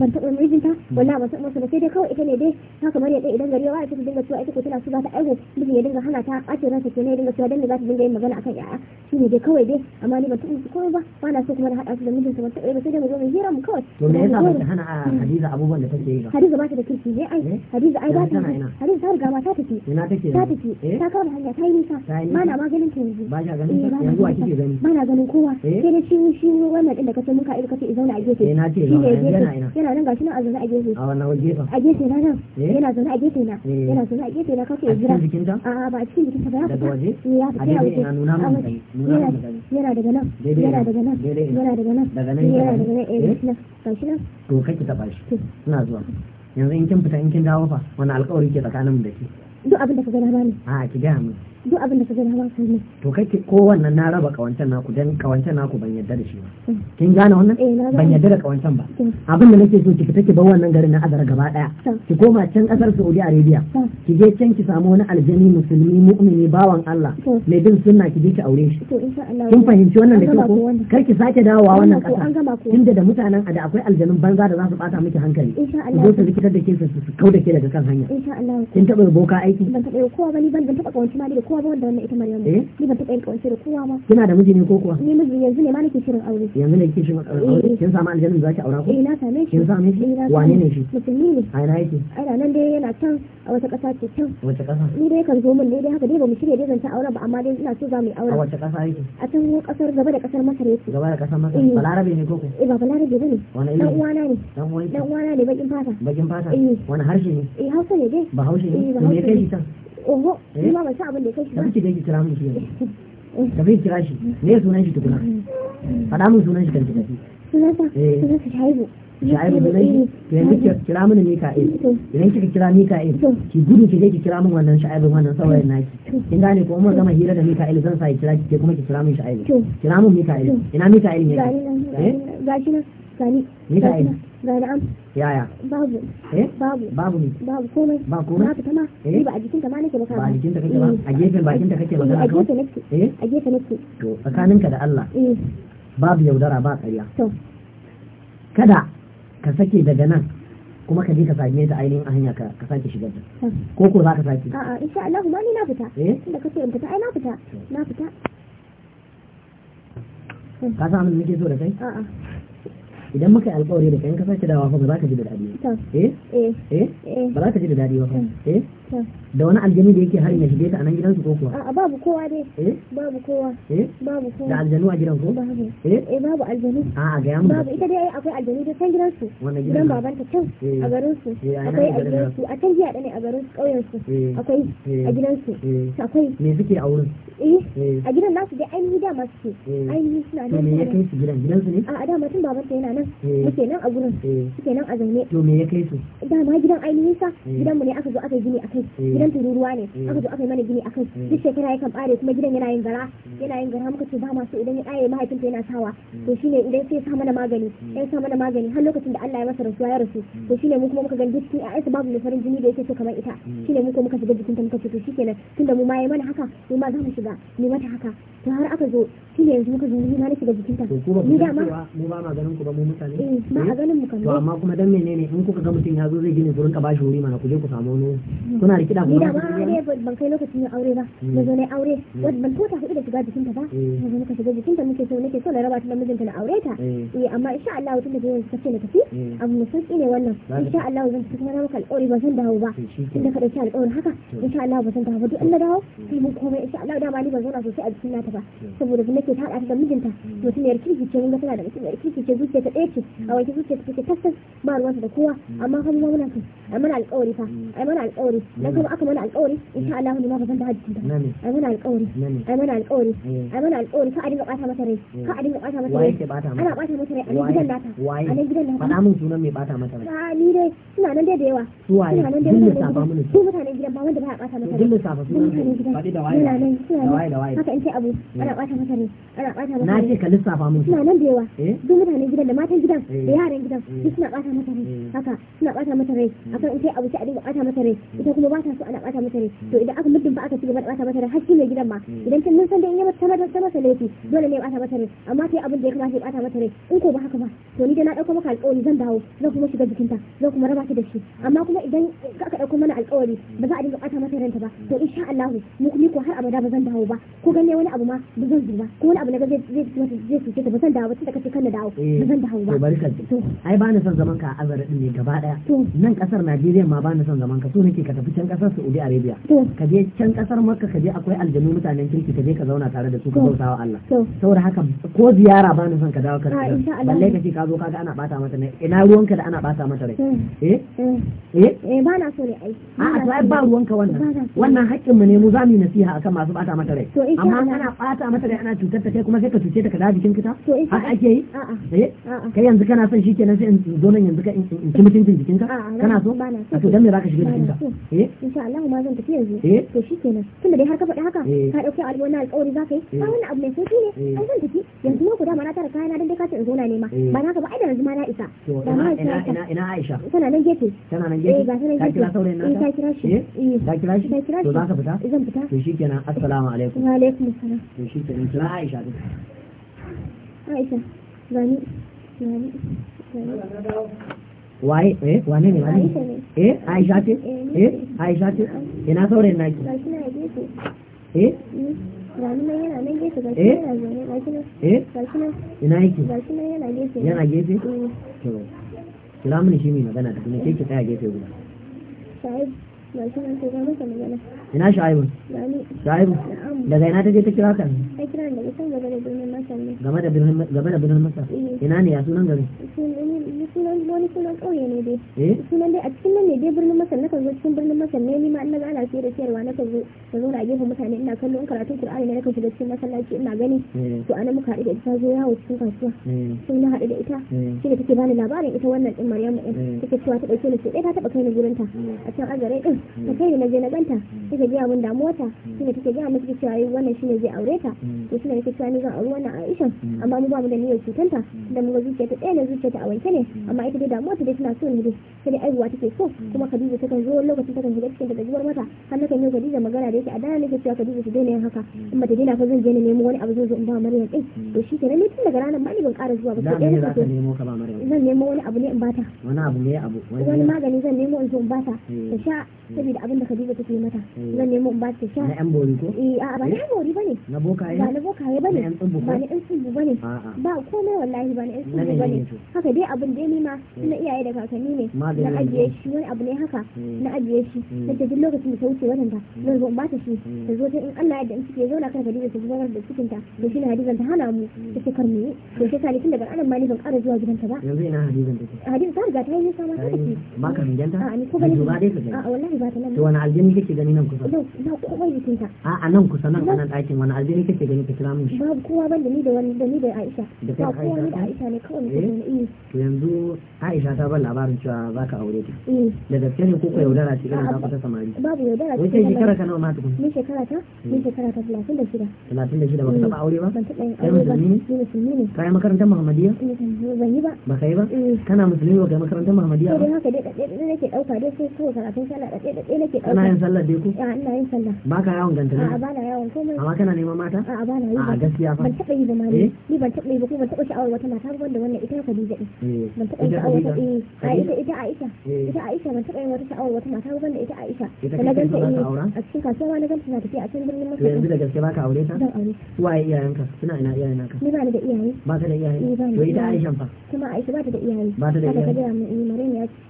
ban taɓa musu mijinta hmm. walla ba san masa sai dai kawai ita ne dai ta kamar ya dai idan gari ya waye ta dinga cewa ita ko tana so za ta aihu mijin ya dinga hana ta ake ranta ke ne dinga cewa dan ne za ta dinga yin magana akan yaya shine dai kawai dai amma ni ba taɓa musu komai ba ba na so kuma da hada su da mijinta ban taɓa ba sai dai mu zo mu hira mu kawai to me yasa ba ta hana ah, Hadiza abubuwan da take yi ba Hadiza ba ta da kirki ne ai eh? Hadiza ai ba ta Hadiza ta riga ma ta take ina take ta take eh? ta kawo hanya ta yi nisa ma na maganin ta yanzu ba ja eh, ganin ta yanzu a kike gani ma na ganin kowa sai dai shi shi wannan din da kace muka aika ido kace zauna a gefe ina shi ina ina ina nan gashi nan yana zaune a gefe na eh. yana zaune jira a cikin ba ba eh, ya fita ya fita ya nuna mun yana daga nan yana daga nan yana daga nan yana daga nan nan nan to shi ina zuwa yanzu in kin fita in kin dawo fa wani alƙawari ke tsakanin mu da ke. duk abin da ka ga ba ne. a ki gaya mu duk abin da kaga dama su ne to kake ko wannan na raba kawancan naku dan kawancan naku ban yadda da shi ba mm. kin gane wannan eh, ban yadda da kawancan ba mm. abin da nake so ki fita ki bar wannan garin na azar gaba daya mm. ki koma can kasar Saudi Arabia ki je can ki samu wani aljani musulmi mu'mini bawan Allah mai bin sunna ki je ki aure shi kin fahimci wannan da ko kar ki sake dawowa wannan kasa inda da mutanen da akwai aljanun banza da za su bata miki hankali zo su likitar da ke su kau da ke daga kan hanya kin taba boka aiki ban taba kowa ba ban taba kawanci ma da kowa kowa ba wanda wannan ita Maryam ne eh? ni ban taɓa yin kawance da kowa kina da miji ne ko kuwa ni miji yanzu ne ma nake shirin aure yanzu ne kike shirin aure eh. kin samu aljannin zaki aura ku. eh na same shi kin same shi eh, wane ne shi musulmi ne ai na yake ai nan dai yana can a wata ƙasa ce can wace ƙasa ni dai kan zo min ne dai haka dai ba mu shirya dai zan ta aure ba amma dai ina so za mu yi aure a wace ƙasa yake a can ƙasar gaba da ƙasar Masar yake gaba da ƙasar Masar balarabe ne ko eh ba balarabe bane dan uwana ne dan uwana ne bakin fata bakin fata wani harshe ne eh Hausa ne dai ba Hausa ne me kai shi can oho eh? ni ma ban san abin da kai shi ba kike kira mun shi [LAUGHS] eh. da bai kira shi sunan shi tukuna mm. mun sunan shi kan sunan sa sunan sa shaibu shaibu mm. kira mun mika'il idan kira mika'il ki gudu ki je ki kira mun wannan shaibu wannan saurayin naki kin gane ko mun gama hira da mika'il zan sa ki kira ki kuma ki kira mun shaibu kira mun mika'il ina mika'il ne ga shi nan ga eh? mika'il ga yaya babu eh babu babu ne babu komai ba komai babu tama eh ba a jikin ka ma nake maka ba a jikin ka kake ba a gefen bakin ka kake magana ko eh a gefen eh, eh? nake to tsakaninka da Allah eh babu yaudara ba ƙarya to kada ka sake daga nan kuma ka je ka same ta ainihin a hanya ka sake shigar da ko ko za ka sake a'a insha Allah ba ni na fita eh? tunda kace in fita ai na fita na fita ka san abin da nake so da kai a'a idan muka yi alkawari da kai in dawa fa ba za ka ji da daɗi ba eh? eh eh eh ba za ka ji da daɗi ba fa mm. eh da wani aljanu da yake harin ya shige ta a nan gidansu ko kuwa a babu kowa dai eh? babu kowa eh? babu kowa da aljanu a gidan ko babu eh, eh babu aljanu a a ga yamma babu ita dai akwai aljanu da san gidan su wannan gidan baban ta can a garin su akwai a gidan su a can jiya ne a garin kauyen su akwai a gidan su akwai me suke a wurin eh a gidan nasu dai ainihi dama suke ainihi suna nan me ya kai su gidan gidan su ne a da mutum baban ta yana nan muke nan a gurin suke nan a zaune to me ya kai su dama gidan ainihin sa gidan mu ne aka zo aka gini aka ake mm. gidan tururuwa ne mm. aka zo aka yi mana gini akan mm. duk shekara yakan bare kuma gidan yana yin gara yana yin gara muka ce ba masu idan ya aye mahaifinta yana sawa to shine idan sai sa mana magani sai sa mana magani har lokacin da Allah ya masa rasuwa ya rasu to shine mu kuma muka gani duk a aisa babu mai farin jini da yake so kamar ita shine mu kuma muka shiga jikinta muka ce to shikenan tunda mu ma yayi mana haka mu ma za mu shiga mu mata haka to har aka zo shine yanzu muka zo mu ma na shiga jikinta ni da ma mu ba ma ganin ku ba mu mutane eh ma a eh? ganin mu kan to amma kuma dan menene in kuka ga mutum ya zo zai gini gurin ka bashi wuri mana ku je ku samu wani kuna da ko da ba ne ban kai lokacin yin aure ba hmm. na zo ne aure wanda ban kota hudu da shiga jikinta ba hmm. na zo ka shiga jikinta muke so nake so na raba ta da mijinta na aure ta hmm. eh amma insha Allah tun da yanzu kace na tafi abu mai sauki ne wannan insha Allah zan tafi kuma na maka alƙawari ba zan dawo ba tun da ka dauki alƙawarin haka insha Allah ba zan dawo ba duk in na dawo sai mun komai insha Allah dama ba zan zauna sosai a jikin nata ba saboda ni nake ta hada ta da mijinta mutumiyar kirki ce mun ga tana da mutumiyar kirki ce zuciya ta ɗaya ce a wajen zuciya ta take tassas ba ruwanta da kowa amma kuma muna muna alƙawari fa ai mana alƙawari na kuma aka mana alƙawari insha Allah ne ma ba da hajji ba ai mana alƙawari ai mana alƙawari ai mana alƙawari ka a dinga bata masa rai ka bata masa rai ana bata masa rai a nan gidan nata a nan gidan nata sunan mai bata masa rai a ni dai suna nan dai da yawa suna nan dai da yawa su mutanen gidan ba wanda ba a bata masa rai dillin safa sunan gidan faɗi da waye da waye da waye haka in ce abu ana bata masa rai ana bata masa rai na ce ka lissafa suna nan da yawa mutanen gidan da matan gidan da yaran gidan in ce abu sai a dinga bata masa rai ita kuma kuma ba ta so ana bata mata ne to idan aka muddin ba aka ci gaba da bata mata ne hakki mai gidan ma idan kin mun san da in ya mata mata ta mata laifi dole ne bata mata ne amma sai abin da ya kamata ya bata mata ne in ko ba haka ba to ni da na dauko maka alƙawari zan dawo zan kuma shiga jikinta zan kuma raba ki da shi amma kuma idan aka dauko mana alƙawari ba za a dinga bata mata ranta ba to insha Allah mu kuma ko har abada ba zan dawo ba ko ganne wani abu ma ba zan zuba ko wani abu na zai zai zai cuce ta ba zan dawo ba tunda kace kana dawo ba zan dawo ba eh, to bari ka ai ba ni son zaman ka a zara din ne gaba daya nan kasar Najeriya ma ba ni son zaman ka to nake ka tafi can kasar Saudi Arabia ka je can kasar Makka ka je akwai aljanu mutanen kirki ka je ka zauna tare da su ka bauta wa Allah saboda haka ko ziyara ba ni son ka dawo ka balle ka ce ka zo ga ana bata mata ne ina ruwanka da ana bata mata rai eh eh eh ba na so ne ai a to ai ba ruwanka wannan wannan haƙƙin mu ne mu za mu nasiha akan masu bata mata rai amma ana bata mata rai ana cutar ta kai kuma sai ka cuce ta ka dawo jikin kita haka ake yi eh kai yanzu kana son shi kenan sai in zo nan yanzu ka in ci mutuncin jikinka kana so to dan me zaka shiga jikinka eh insha Allah ma zan tafi yanzu eh? to shikenan tunda dai har ka faɗi haka eh. ka dauki a wani alƙawari za ka yi ba eh. wannan abu mai sauki ne an zan tafi yanzu ma guda ma na tara kayana dan dai ka ce in zo na nema ba na ka ba ai da yanzu ma na isa da ma ina ina ina Aisha tana nan gefe tana nan gefe ga tana gefe ka kira saurayin nata ka kira shi eh ka kira shi ka kira shi to za ka fita zan fita to shikenan assalamu alaikum wa alaikum assalam to shikenan kira Aisha Aisha gani gani gani waye eh wane ne wane eh Aisha ce eh, eh Aisha ce ina saurayin naki eh, eh? eh? ina yake yana gefe to kira mini shi mai magana da kuma ke ki tsaya gefe guda ina sha'aibu sha'aibu daga ina ta je ta kira kan ne game da birnin game da birnin masa eh. ina ne ya sunan gari sunan wani sunan kauye ne dai eh? sunan dai a cikin nan ne dai birnin masar na kan zo cikin birnin masar ne ni ma ina ga ana fiye da siyarwa na kan da zo na gefen mutane ina kallo in karatun qur'ani ne na kan shiga cikin masallaci ina gani eh. to anan muka haɗu da ita zo yawo cikin kasuwa sun na haɗu da ita shi da take bani labarin ita wannan din maryamu din take cewa ta ɗauke ni sai ta taba kai ni gurin ta a can azare din yi sai na je na ganta take gaya min damuwa ta ke take gaya mata cewa eh, wannan shi ne zai aure ta to suna yake cewa ni zan aure wannan Aisha amma mu ba mu da niyyar cutanta da mu zuciya ta na zuciya ta a wanke ne amma ita dai damuwa ta dai tana so ne dai sai dai aiwa take so kuma Khadija takan zo lokacin kan shiga cikin da jiwar mata har kan yi Khadija magana da yake a dana nake cewa Khadija su daina yin haka in bata daina fa zan je ne nemo wani abu zai zo in ba Maryam din to shi kenan ne tun daga ranar ma ni ban ƙara zuwa ba sai dai na nemo ka ba Maryam zan nemo wani abu ne in bata wani abu ne abu wani magani zan nemo in zo in bata ta eh. sha saboda abin da Khadija take mata zan nemo in ba ta sha na bori ko eh a ba na yan bori bane na bokaye ba na ya bane ba na yan tsubu bane ba komai wallahi ba na yan tsubu bane haka dai abin da ni ma na iyaye da kakanni ne na ajiye shi wani abu ne haka hmm. na ajiye shi sai hmm. duk lokacin da ta wuce wannan ta hmm. zan zo in ba ta shi ta zo ta in Allah ya yarda in suke zauna kan Khadija ta gudanar da cikin ta da shi na Khadija ta hana mu ta ce kar mu yi to sai ka tun daga anan ma ni ban ƙara zuwa gidanta ba yanzu ina Khadija take Khadija ta riga ta yi nisa ma ta tafi ba ka mijanta a'a ni ko ba ne a'a wallahi nake ba ta lalle wani aljini kake gani nan kusa ba kowa jikin ta a a nan kusa nan anan ɗakin wani aljini kake gani ka kira mun shi babu kowa ban da ni da wani da ni da Aisha ba kowa ni da Aisha ne kawai nake gani eh. Eh, to yanzu Aisha ta ban labarin cewa zaka aure ta eh. da gaske ne ko ko yaudara ce irin ta ta samari babu yaudara ce wace shekara ka nawa ma tukun ni shekara ta ni shekara ta shida. 36 baka taba aure ba ban taba aure ba ni musulmi ne kai makarantar Muhammadiyya ban yi ba ba yi ba kana musulmi ba kai makarantar Muhammadiyya ba dai haka dai nake ɗauka dai sai kawai karatun sallah ɗaya da ɗaya kana yin sallah dai ina yin sallah ba ka yawon gantana ba na yawon komai amma kana neman mata a ba na yi a gaskiya fa ban taɓa yi ba ma eh? ni ban taɓa yi ba kuma ban taɓa sha'awar wata mata ba wannan ita Khadija din eh, ban taɓa sha'awar wata eh a ita ita Aisha eh. ita Aisha ban taɓa yin wata sha'awar wata mata ba ita Aisha da na ganta a cikin kasuwa ma na ganta na tafiya a cikin birnin Masar yanzu da gaske ba ka aure ta zan aure waye iyayenka suna ina iyayen ka ni ba ni da iyaye ba ka da iyaye to ita Aisha fa kuma Aisha ba ta da iyaye ba ta da iyaye ba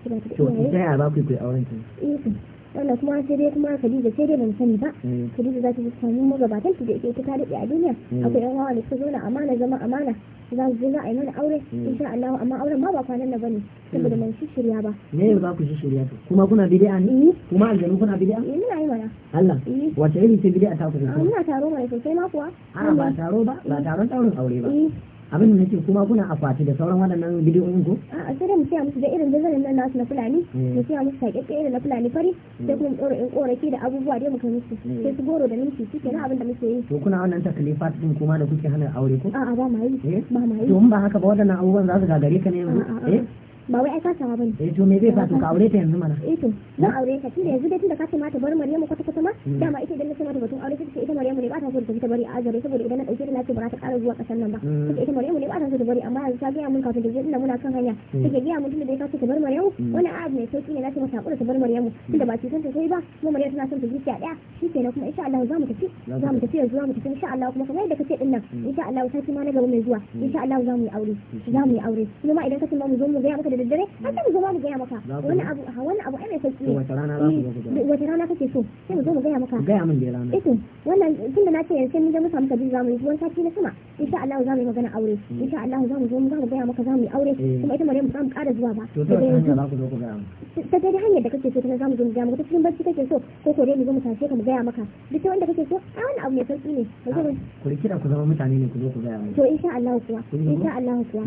ta da iyaye ta ba wanda kuma sai dai kuma Khadija sai dai ban sani ba mm. Khadija za ta ji mu ga ta da ita ta dade a duniya mm. akwai yan hawa da suka zauna amana zama amana za su zo za a yi mana aure mm. insha Allah amma auren ma ba kwanan na bane saboda mun shirya ba me yau za ku shirya to kuma kuna bid'a eh, ne kuma aljanu kuna bid'a eh muna yi mana Allah eh. wace irin ce bid'a ta ku ne ah, muna taro mana sosai ma kuwa a ah, ba taro ba ba taron taurin aure ba eh. abin da nake kuma kuna akwati da sauran waɗannan bidiyoyin ku. a sai dai mu siya musu da irin da zanen nan nasu na fulani hmm. mu siya musu saƙaƙƙe irin na fulani fari sai hmm. kuma tsoro in ƙorafi da abubuwa dai mu musu hmm. sai su goro da minti shi na abin da muke yi to kuna wannan takalifat din kuma da kuke hana aure ku. a'a ba ma yi eh? ba ma yi to mun ba haka ba waɗannan abubuwan za su gagare ka ne yanzu eh ba wai ai ka sawa bane eh to me zai sa ka aure ta yanzu mana eh to zan aure ta tunda yanzu dai tunda ka ce mata bar Maryamu kwata kwata ma hmm. dama ita idan na ce mata batun aure ce ita Maryam ne ba ta so ta fita bari a azare saboda idan na dauke ta na ce ba za ta ƙara zuwa kasan nan ba hmm. take ita Maryam ne ba ta so ta bari amma yanzu ta gaya mun kafin da inda muna kan hanya hmm. take gaya mun tunda dai ka ce ta bar Maryamu wannan abu mai sauki ne na ce mata ta bar Maryam tunda ba ci san ta sai ba kuma Maryam tana son ta zuciya daya shikenan kuma insha Allah za mu tafi za mu tafi yanzu za mu tafi insha Allah kuma kamar yadda kace din nan insha Allah sai ma na gaba mai zuwa insha Allah za mu yi aure za mu yi aure kuma idan ka ce mu zo mu ga maka da daddare har sai mu zo mu gaya maka wani abu wani abu ai mai sauki ne wata rana za mu wata rana kake so sai mu zo mu gaya maka gaya min da rana ito eh wannan tunda na ce yanzu sai mun ga mu muka bi zamu mu yi wani sati na sama insha Allah za mu yi magana aure hmm. insha Allah za mu zo mu mu gaya maka za mu yi aure eh. kuma ita Maryam za mu ƙara zuwa ba to ta hanyar za ku zo ku gaya mu ta dai hanyar da kake so ta za mu zo mu gaya maka ta cikin barci kake so ko ko dai mu zo mu tashe ka mu gaya maka duk wanda kake so a wannan abu mai sauki ne ah, ku rikida ku zama mutane ne ku zo ku gaya maka to insha Allah kuwa insha Allah kuwa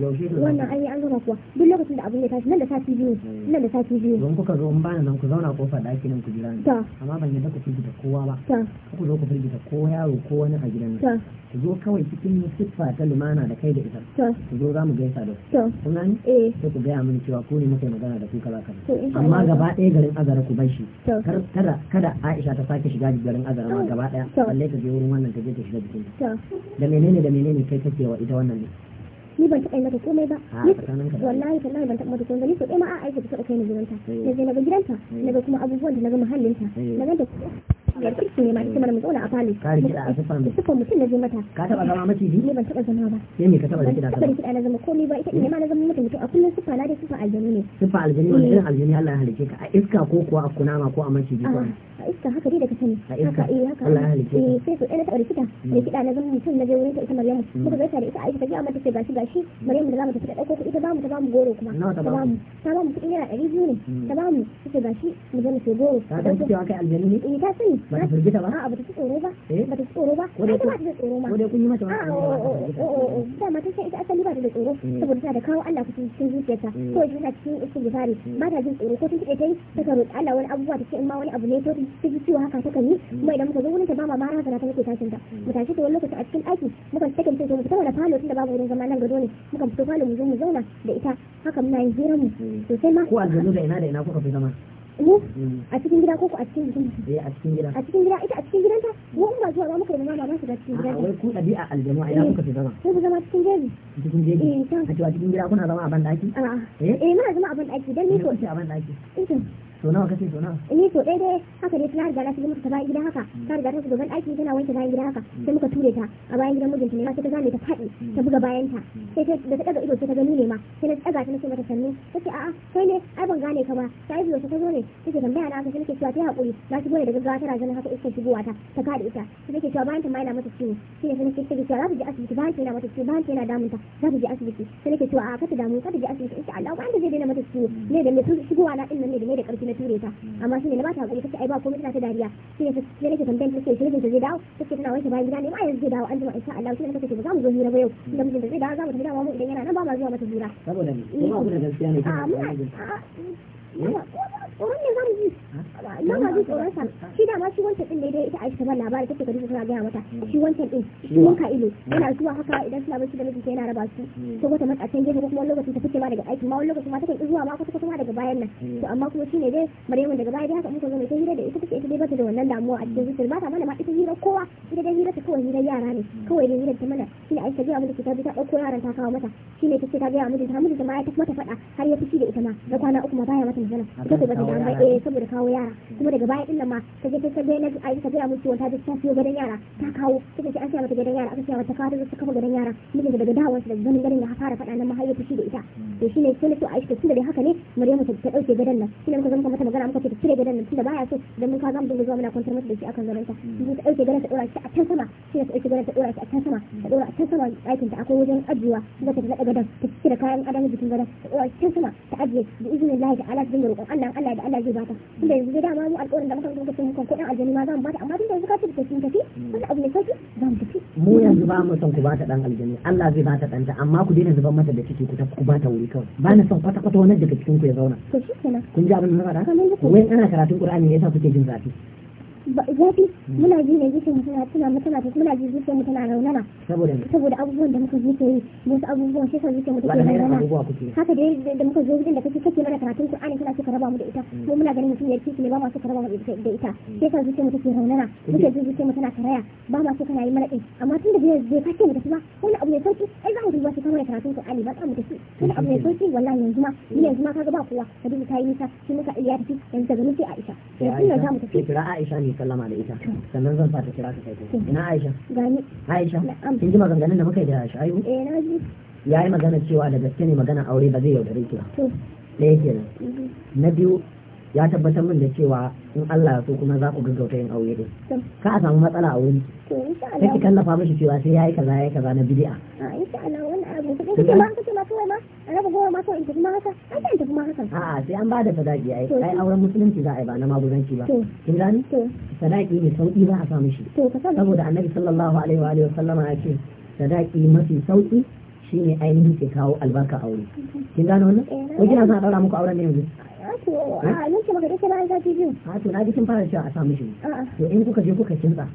wannan an yi an gama kuwa duk lokacin da abu kafin tashi nan da sati biyu hmm. nan da sati biyu don kuka zo in bana nan ku zauna kofar daki nan ku jira ni amma ban yadda ku firgita kowa ba ku zo ku firgita ko yaro ko wani a gidan nan ku zo kawai cikin siffa ta lumana da kai da ita ku zo za mu gaisa da ku kun gani eh sai ku gaya mini cewa ku ne muke magana da ku kaza kaza amma gaba ɗaya garin azara ku bar shi kada kada Aisha ta sake shiga garin azara ma gaba ɗaya balle ka je wurin wannan ta je ta shiga jikin da menene da menene kai kake wa ita wannan ne ni ban taɓa mata komai ba wallahi tallahi ban taɓa mata komai ba ni ma a aiki ta taɓa kai ni gidanta eh. na je na ga gidanta na ga kuma abubuwan da na ga muhallinta ta na eh. ga da lantarki ne ma ita mu mazauna a fali kare a siffar mutum siffar mutum na je mata ka taɓa zama maciji ne ban taɓa zama ba sai me ka taɓa da na zama komai ba ita ne ma na zama mutum a kullum siffa na dai siffa aljanu ne siffa aljanu wani eh. irin aljanu Allah ya halice ka a iska ko kuwa a kunama ko a maciji ko a ah, iska haka dai daga ka sani haka eh haka Allah ya halice eh sai su ina taɓa da hmm. kiɗa na zama mutum na je wurin ta ita Maryam hmm. muka gaisa da ita Aisha ta ji amma ta ce gashi gashi Maryam da zamu tafi da ɗauko kuɗi ita bamu ta bamu goro kuma ta bamu ta bamu biyu ne hmm. ta bamu ta ce gashi mu zama sai goro ta kai aljanu ne eh ta sani ba ta firgita ba a'a ba ta ci tsoro ba eh? ba ta ci tsoro ba ko dai ta tsoro ma ko dai kun yi mata wani abu ta ita asali ba ta da tsoro mm. saboda tana da kawo Allah cikin zuciyarta mm. ko ita tana cikin istighfari ba ta jin tsoro ko ta kike tai ta Allah wani abubuwa ta ce in ma wani abu ne to ta ji ciwo haka ta yi mm. kuma muka zo wurin ta ba ma ma haka ta nake tashin ta mu tashi ta wani lokaci a cikin ɗaki muka take ta mu fita da falo tunda babu wurin zama nan gado ne muka fito falo mu zo mu zauna da ita haka muna yin hira mu sosai ma ko aljanu da ina da ina kuka fi zama Mm. a cikin gida ko a cikin eh a cikin gida a cikin gida ita a cikin gidanta ko in ba zuwa ba muka yi mama ba su da cikin gida wai ku ina kuka zama sai eh, ku zama cikin cikin eh a cikin gida kuna zama a ban daki eh? eh muna zama a ban daki dan ni ko a ban daki to nawa kace to nawa eh to dai dai haka dai tana riga ta muka bayan gida haka ta riga ta gaban aiki tana wanke bayan gida haka sai muka ture ta a bayan gidan mijinta ne ma sai ta zame ta fadi ta buga bayan ta sai da ta daga ido sai ta gani ne ma sai ta tsaga ta nace mata sannu a a'a kai ne ai ban gane ka ba ta yi ta zo ne take tambaya na haka nake cewa ta hakuri na shigo ne da gaggawa tana ganin haka iskar shigowa ta ta kada ita sai nake cewa bayan ta ma yana mata ciwo sai sai nake cewa za ta je asibiti bayan ta yana mata ciwo bayan ta yana damunta za ta asibiti sai nake cewa a kada damu kada je asibiti insha Allah bayan ta zai daina mata ciwo ne da me shigowa na din nan ne da me da karfi na ture ta amma shi ne na bata hakuri kace ai ba komai tana ta dariya shi ne ta sai nake tambayar ta ce shi mijinta zai dawo take tana wanke bayan gida ne ma yanzu zai dawo an jima insha Allah sai ta ce ba za mu zo hira ba yau da mijinta zai dawo za mu tafi dawo mu idan yana nan ba ma zuwa mata hira saboda ne kuma abu da gaskiya ne tsoron ne zamu yi amma ba zai tsoron sa shi da ma shi wancan din daidai ita Aisha ba labari take da a gaya mata shi wancan din shi wanka ido yana zuwa haka idan suna bacci da mijinta yana raba su to wata mata can gefe kuma wani lokacin ta fice ma daga aiki ma wani lokacin ma take zuwa ma kwata kuma daga bayan nan to amma kuma ne dai Maryam daga baya dai haka muka zo mai ta hira da ita take ita dai bata da wannan damuwa a cikin zuciyar ba ta mana ma ita hira kowa ita dai hira ta kawai hira yara ne kawai dai hira ta mana shine Aisha a mijinta ta bi ta dauko yaran ta kawo mata shine take ta ga mijinta mijinta ma ya tafi har ya fice da ita ma na kwana uku ma baya mata magana ko ta bata eh saboda kawo yara kuma daga baya din ma ta je ta ga na aiki ta ga mu ciwon ta je ta siyo gadon yara ta kawo ta ce an siya mata gadon yara aka siya mata kawo ta kafa gadon yara mijin daga dawon daga ganin garin ya fara faɗa nan mahaifiyar ta shi da ita to shine sai to Aisha tunda dai haka ne Maryamu ta dauke gadon nan shine muka zama mata magana muka ce ta cire gadon nan tunda baya so dan mun ka zamu dinga zuwa muna kwantar mata da shi akan gadon ta ta dauke gadon ta dora shi a can sama shine ta dauke gadon ta dora shi a can sama ta dora a can sama aikin ta akwai wajen ajiyewa da ta daga gadon ta cire kayan jikin ta dora shi can sama ta ajiye izinin Allah ta'ala dinga roƙon Allah Allah da Allah zai baka tunda yanzu da ma mu alƙawarin da muka muka sun kuɗin aljani ma zan bata amma tunda yanzu ka ci da kin tafi wani abu ne sauki zan tafi mu yanzu ba mu son ku bata dan aljani Allah zai bata danta amma ku daina zuban mata da ciki ku ta ku bata wuri kawai ba na son kwata kwata wannan daga cikin ku ya zauna to shi kenan kun ji abin da na faɗa kun ji ana karatun Qur'ani yasa kuke jin zafi zafi muna ji ne jikin mutuna tuna mutuna ta muna ji jikin mutuna raunana saboda abubuwan da muka ji ke yi wasu abubuwan shi sa jikin mutuna raunana haka da da muka zo gidan da kake kake mana karatun Qur'ani kana so ka raba mu da ita mm. mu muna ganin mutum ya ne ba ma so ka raba mu da ita mm. shi sa jikin mutuna ke raunana mm. muke ji jikin mutuna karaya ba ma so kana yi mana din amma tun da bai kace mu da kuma wani abu mai sauki ai za mu duba shi kamar karatun Qur'ani ba za mu tafi wani abu mai sauki wallahi yanzu ma ni yanzu ma kaga ba kowa ka duba yi nisa shi muka iya tafi yanzu daga mutum Aisha yanzu za mu tafi Aisha ne sallama da ita sannan zan sa ta kira ka kai ina Aisha gani Aisha kin ji maganganun da muka yi da Shaibu eh na ji yayi magana cewa da gaske ne magana aure ba zai yaudare ki ba to da yake mhm. na biyu ya tabbatar min da cewa in Allah ya so kuma za ku gaggauta yin aure din ka a samu matsala a wuri ki ki kallafa mishi cewa sai yayi kaza yayi kaza na bid'a a insha Allah wannan abu kike ma kike ma kawai raba goma ma kawai kuma haka ai da kuma haka a sai an da sadaki ai ai auren musulunci za a yi ba na maguzanci ba kin gani sadaki ne sauki a samu shi saboda annabi sallallahu alaihi wa alihi wa sallama ya ce sadaki mafi sauki shine ainihin ke kawo albarka aure mm-hmm. kin gano wannan eh, ko kina son a daura muku auren ne yanzu to a nan ce baka dace ba an sati a to cewa a samu shi to in kuka je kuka kinsa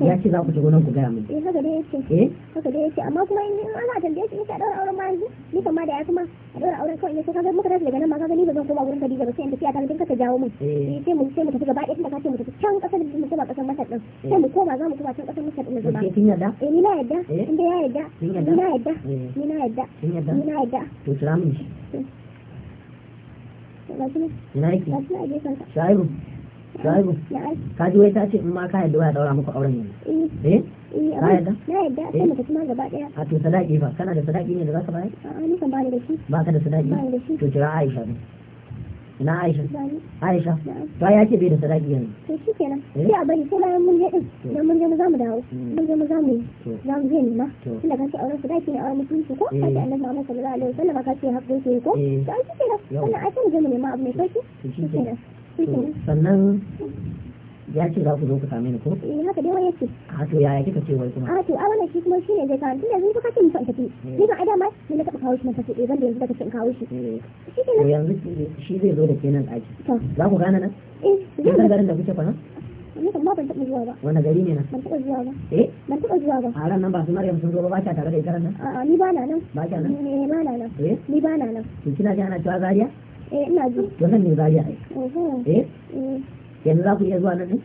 ya ce za ku nan ku gaya eh, haka dai eh? haka dai amma kuma in ana tambaye shi a daura auren ma yanzu ni kan ma da ya kuma a daura auren kawai ne sai kaga muka tashi daga nan ma kaga ni ba zan koma ba sai in tafiya ta din ka jawo mu. Eh. sai mu sai mu tafi gaba ɗaya tunda ka ce mu tafi can kasar mu koma kasar Masar din. Sai mu koma za mu koma can kasar Masar din zuma. Ke kin yarda? Eh ni na yarda. In dai ya yarda. Ni na yarda. Ni na yarda. Ni na yarda. Ni na yarda. To shi. ina yake shaibu shaibu ka ji wai ta ce in ma ka yadda waya daura muku auren yanzu eh, eh? eh ka yadda na yadda sai eh. mu tafi ma gaba a to sadaki fa kana da sadaki ne da bayar a'a ni kan ba da shi ba ka da sadaki to Aisha ne na Aisha Aisha to ya ce bai da sadaki yanzu to shi kenan eh? sai a bari sai bayan mun din dan mun je mu zamu dawo hmm. mun je mu zamu za mu je ma kace auren sadaki ne auren mutunci ko kace eh. Annabi Muhammad sallallahu alaihi wasallam hakuri ke ko to shi kenan a kan je mu abu mai sauki shi kenan sannan ya ce za ku zo ku same ni ko eh haka dai wai yake a to yaya kika ce wai kuma a to a wannan shi kuma shi ne zai kawo tunda yanzu kuka ce mu san tafi eh. ni ba adama ma ni na taba kawo shi na kace eh zan da yanzu da kace in kawo shi eh. shi ne yanzu shi zai zo da kenan nan za ku gana nan eh zan garin da kuke fa mutum ma ban taba zuwa ba. wannan gari ne na? Ban taba zuwa ba. Eh? Ban taba zuwa ba. A ran nan ba su Maryam sun zo ba ba ta tare da garin nan? A'a ni ba na nan. Ba ta nan? ni eh, ba na nan. Eh? Ni ba na nan. Kina ji ana cewa Zaria? Eh ina ji. wannan nan ne zariya Eh? Eh. yanzu za ku iya zuwa nan ne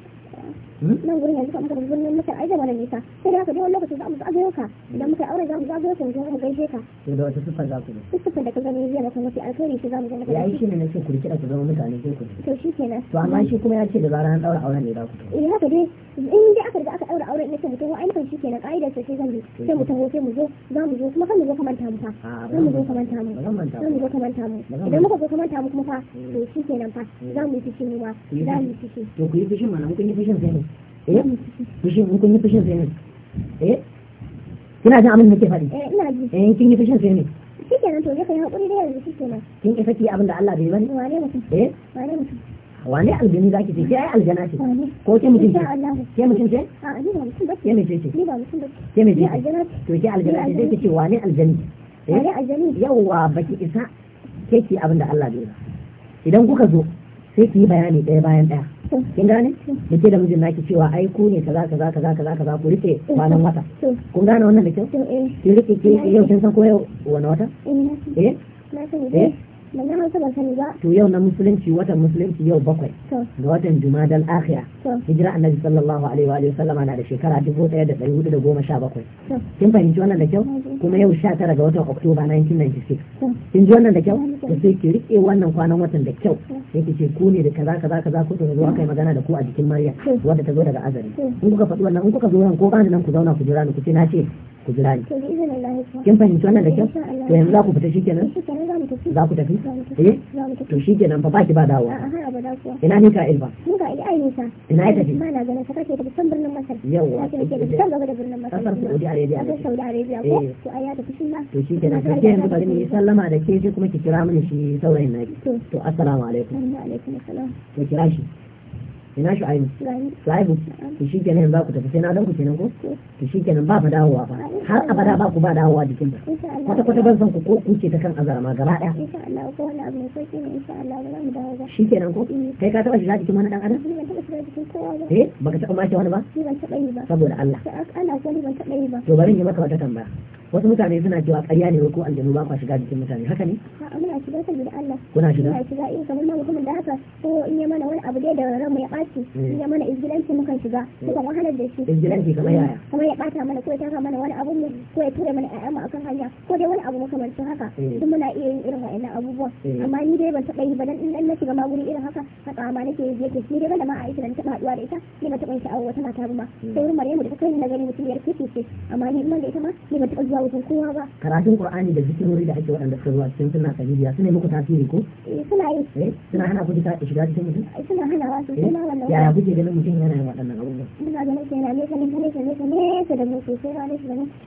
nan gurin yanzu kamar kamar birnin mutar ai wani nisa sai da aka dai wani lokacin za mu zagayo ka idan muka aure za mu zagayo ka yanzu mu gaishe ka to da wata siffar za ku su da ka gani zai maka mafi alkhairi shi za mu zama ya yi na ce ku ku zama mutane sai ku to shi kenan amma shi kuma ya ce da zarar an auren ne za ku eh haka dai in dai aka riga aka daura auren ne sai mu taho kan shi kenan ka'idar sai zan bi sai sai mu zo za mu zo kuma kan mu zo kamanta mu fa za mu zo kamanta mu mu za mu sai eh mishi kun yi fushin sai ne eh kina jin abin da ke faɗi eh ina ji eh kin yi fushin sai ne to kai hakuri da yanzu kin ki saki abin da Allah bai bani wane mutum eh wane mutum wane aljini ce ai aljana ce ko ke ce ke mutum ce a ni ba mutum ba ke mutum ce ni ba mutum ba ke mutum ce aljana to ke aljana ce zai ce wane aljani eh? wane aljani baki isa ke ki abin da Allah bai ba idan kuka zo sai ki yi bayani ɗaya bayan ɗaya kin gane da da mijin naki cewa ai ku ne kaza kaza kaza kaza kaza ku rike kwanan wata kun gane wannan da kyau eh. ki rike ki yau kin san ko yau wani wata eh eh, eh? to yau na musulunci watan musulunci yau bakwai ga watan jumadal akhira hijira annabi sallallahu alaihi wa sallama na da shekara 1417 kin fahimci wannan da kyau kuma yau 19 ga watan oktoba 1996 kin ji wannan da kyau da sai ki rike wannan kwanan watan da kyau sai ki ce ku ne da kaza kaza kaza ku zo yi magana da ku a jikin Maryam wadda ta zo daga azari in kuka faɗi wannan in kuka zo nan ko kana nan ku zauna ku jira ni ku ce na ce ku jira ni kin fahimci wannan da kyau to yanzu za ku fita shikenan za ku tafi eh to shi ke kenan fa baki ba dawo ina ni ka ilfa ina ai tafi ba na ganin ka kace daga san birnin masar yawa san gaba da birnin masar kasar saudi arabia kasar saudi arabia ko eh. to ai ya tafi shi ma to shi ke nan sai yanzu bari mu sallama da ke sai kuma ki kira mini shi saurayin naki to assalamu alaikum wa alaikum assalam to kira shi ina shu'aibu shu'aibu ki shi kenan ba ku tafi sai na dan ku kenan ko ki shi kenan ba fa dawowa ba har abada ba ku ba dawowa jikin ba kwata kwata ban san ku ko ku ce ta kan azara ma gaba daya insha Allah ko ko insha Allah ba mu dawo ba shi kenan ko mm. kai ka taba shiga jikin wani dan adam ban ba eh baka taba mace wani ba ni ban taba yi ba saboda Allah ana ko ban taba yi ba to bari ni maka wata tambaya wasu mutane suna cewa ƙarya ne ko aljanu ba kwa shiga jikin mutane haka ne muna shiga Allah kuna shiga shiga eh, kamar da haka ko in yi mana wani abu dai da ran mu ya bashi ya mana izgilanci muka shiga mukan wahalar da shi izgilanci kamar yaya kamar ya bata mana ko ya taka mana wani abu mu ko ya tura mana ayyama akan hanya ko dai wani abu makamancin haka eh. duk muna iya yin irin wa'annan abubuwan eh. amma ni dai ban taba yi ba dan in na shiga ma guri irin haka haka ma nake yi yake ni dai ban da ma a yi dan taba haɗuwa da ita ni ban taba yi sha'awa wata mata ba ma hmm. sai wurin Maryamu da ta kai ni na gani mutumiyar kirki ce amma ni ban da ita ma ni ban taba zuwa wajen kowa ba karatun Qur'ani da zikirori da ake waɗanda suka zuwa cikin sunna sabiya suna muku tasiri ko eh, suna yi suna hana ku shiga cikin mutum suna hana wasu suna yaya kuke ganin mutum yana yin waɗannan abubuwan ina ganin sai yana nesa nesa nesa da mu sosai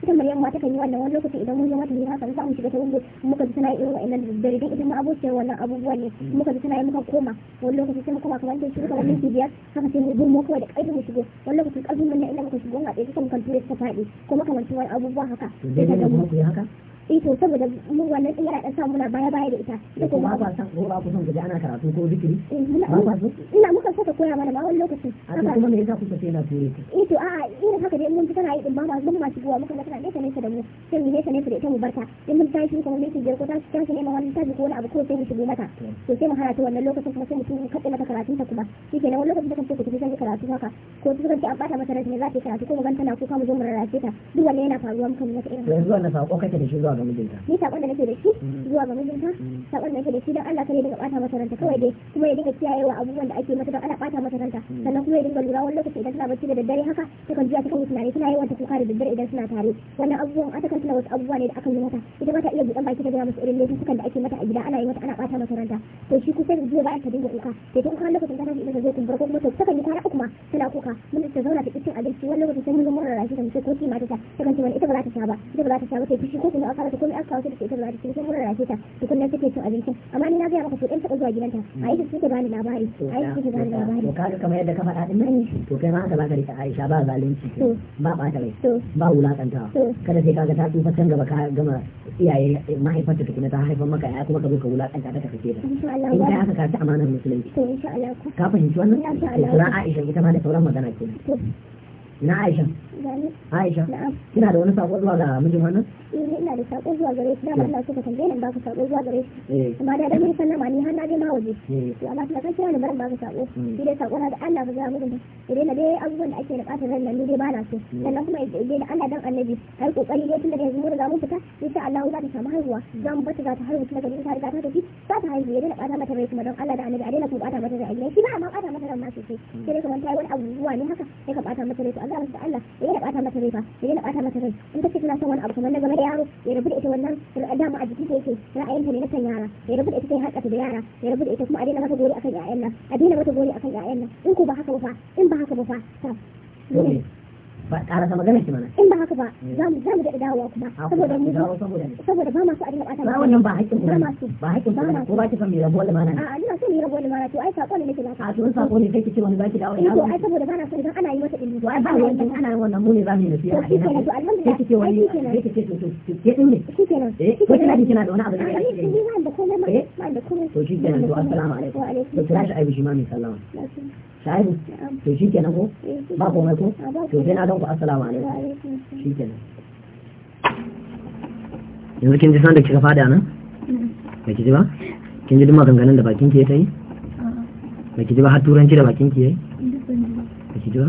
ita maryam ma yi wannan wani lokaci idan mun zo mata hira kan samu shiga ta muka ji tana yi irin wa'annan dare idan ma abokiyar wannan abubuwan ne muka ji tana yi muka koma wani lokaci sai mu koma kamar da shi kamar minti biyar haka sai mu burmo kawai da ƙarfi mu shigo wani lokaci ƙarfin mun ne inda muka shigo a ɗaya duka mukan ture ta faɗi ko makamancin wani abubuwa haka. Daidai da kuma haka? ito eh saboda mu wannan din yana dan sa muna baya baya da ita da eh, kuma ba san ko ba ku son ku ana karatu ko zikiri eh, ba ba su ina muka saka koya mana ba wani lokaci haka kuma me yasa kuka ce yana tore ku eh a a'a irin haka dai mun tana yi din ba ma mun ma shigowa muka ga tana ne nesa da mu sai ne nesa nesa da ita mu barka in mun tashi kuma mun shigar ko tashi tashi ne ma wani tashi ko wani abu ko sai mu shigo mata hmm. to sai mu hana ta wannan lokacin kuma sai mu tuka kaɗe mata karatu ta kuma ne wani lokacin da kan ku tafi sai karatu haka ko ta kanci an bata mata rai ne za ta karatu ko mu ganta na kuka mu zo mu rarrace ta duk wannan yana faruwa muka ne mata irin yanzu wannan sako kake da shi zuwa ga mijinta ni sakon da nake da shi mm-hmm. zuwa ga mijinta sakon da nake da shi dan Allah kare daga bata masa ranta kawai dai kuma ya dinga kiyayewa abubuwan da ake mata dan Allah bata masa ranta mm-hmm. sannan kuma ya dinga lura wani lokaci idan tana bacci da daddare haka ta kan jiya ta kan tunani tana yawan ta kuka da daddare idan suna tare wannan abubuwan aka kan tuna wasu abubuwa ne da aka yi mata ita ba ta iya buɗan baki ta gaya musu irin laifin sukan da ake mata a gida ana yi mata ana bata masa ranta to shi kusa da zuwa bayan ta dinga kuka sai ta kuka lokacin ta tashi idan zai kumbura ko kuma ta kan yi kwana uku ma tana kuka mun ta zauna ta cikin abinci wani lokaci sai mun ga murar rashi ta mutum ko kima ta ta kan ce wani ita ba za ta sha ba ita ba za ta sha ba ta fushi ko kuma harka komai aka kawo ta da ke tarwa da cikin mura rafe ta tukunna take cin abincin amma ni na gaya maka so ɗan taɓa zuwa gidanta a yi suke bani labari a yi suke labari to kaga kamar yadda ka faɗa din nan to kai ma aka baka da Aisha ba zalunci ba ɓata rai ba wulakantawa kada sai kaga ta tsufa can gaba ka gama iyaye mahaifar tukuna ta haifar maka ya kuma ka zo ka wulakanta ta ka fice ta in kai amanar musulunci ka fahimci wannan to Aisha ita ma da sauran magana na Aisha Aisha kina da wani sako zuwa ga mijin wannan eh ina da sako zuwa gare shi dama Allah suka tambaye ni ba ka sako zuwa gare shi eh. amma da dan sallama ni har na je ma waje ni bar ba sako shi dai sako na da Allah mu idan dai abubuwan da ake bukatar ran nan dai ba na so hmm. sannan kuma idan da Allah dan annabi har kokari dai tunda yanzu mun riga mun fita insha Allah za ta samu haihuwa hmm. zan bata za ta haihu tunda ta riga ta tafi za ta haihu idan ba ta mata kuma Allah da annabi a daina ku bata mata rai shi ba amma bata mata ran ma hmm. sai dai kuma ta yi wani abubuwa ne haka sai ka bata mata rai Allah da Allah da bata mata rai fa ya da bata mata rai in ce tana son wani abu kamar na game da yaro ya rubuta ita wannan dama a jiki yake ra'ayin ta ne na kan yara ya rabu ita sai harka da yara ya rubuta ita kuma a daina mata gori akan ƴaƴan nan a daina mata gori akan ƴaƴan nan in ko ba haka ba fa in ba haka ba fa ba ƙara sama ganin shi mana in ba haka ba eh. za mu za mu da dawowa kuma saboda mu saboda saboda ba ma su a dinga ɓata ba wannan ba haƙƙin ba ma su ba haƙƙin ba ko ba ki san me rabo da mana a ina so me rabo da mana to ai sako ne nake ba a to in sako ne kai ki ce wani zaki dawo eh, ina to ai saboda ba na so idan ana yi mata ilimi to ai ba wani ana yin wannan mu za mu yi nasiha a ina to alhamdulillah kike wani kike ce to ke din ne kike nan eh, ko kina ji na da wani abu da kike yi ba da komai ma ba da komai to kike nan to assalamu alaikum to kira shi ai bishi ma sallama shahidu to shi kenan ko ba komai ko to sai na ku alaikum shi kenan yanzu kin ji san da kika fada nan ba ki ji ba kin ji duk maganganun da bakin ki ya yi ba ki ji ba har turanci da bakin ki ya yi ba ki ji ba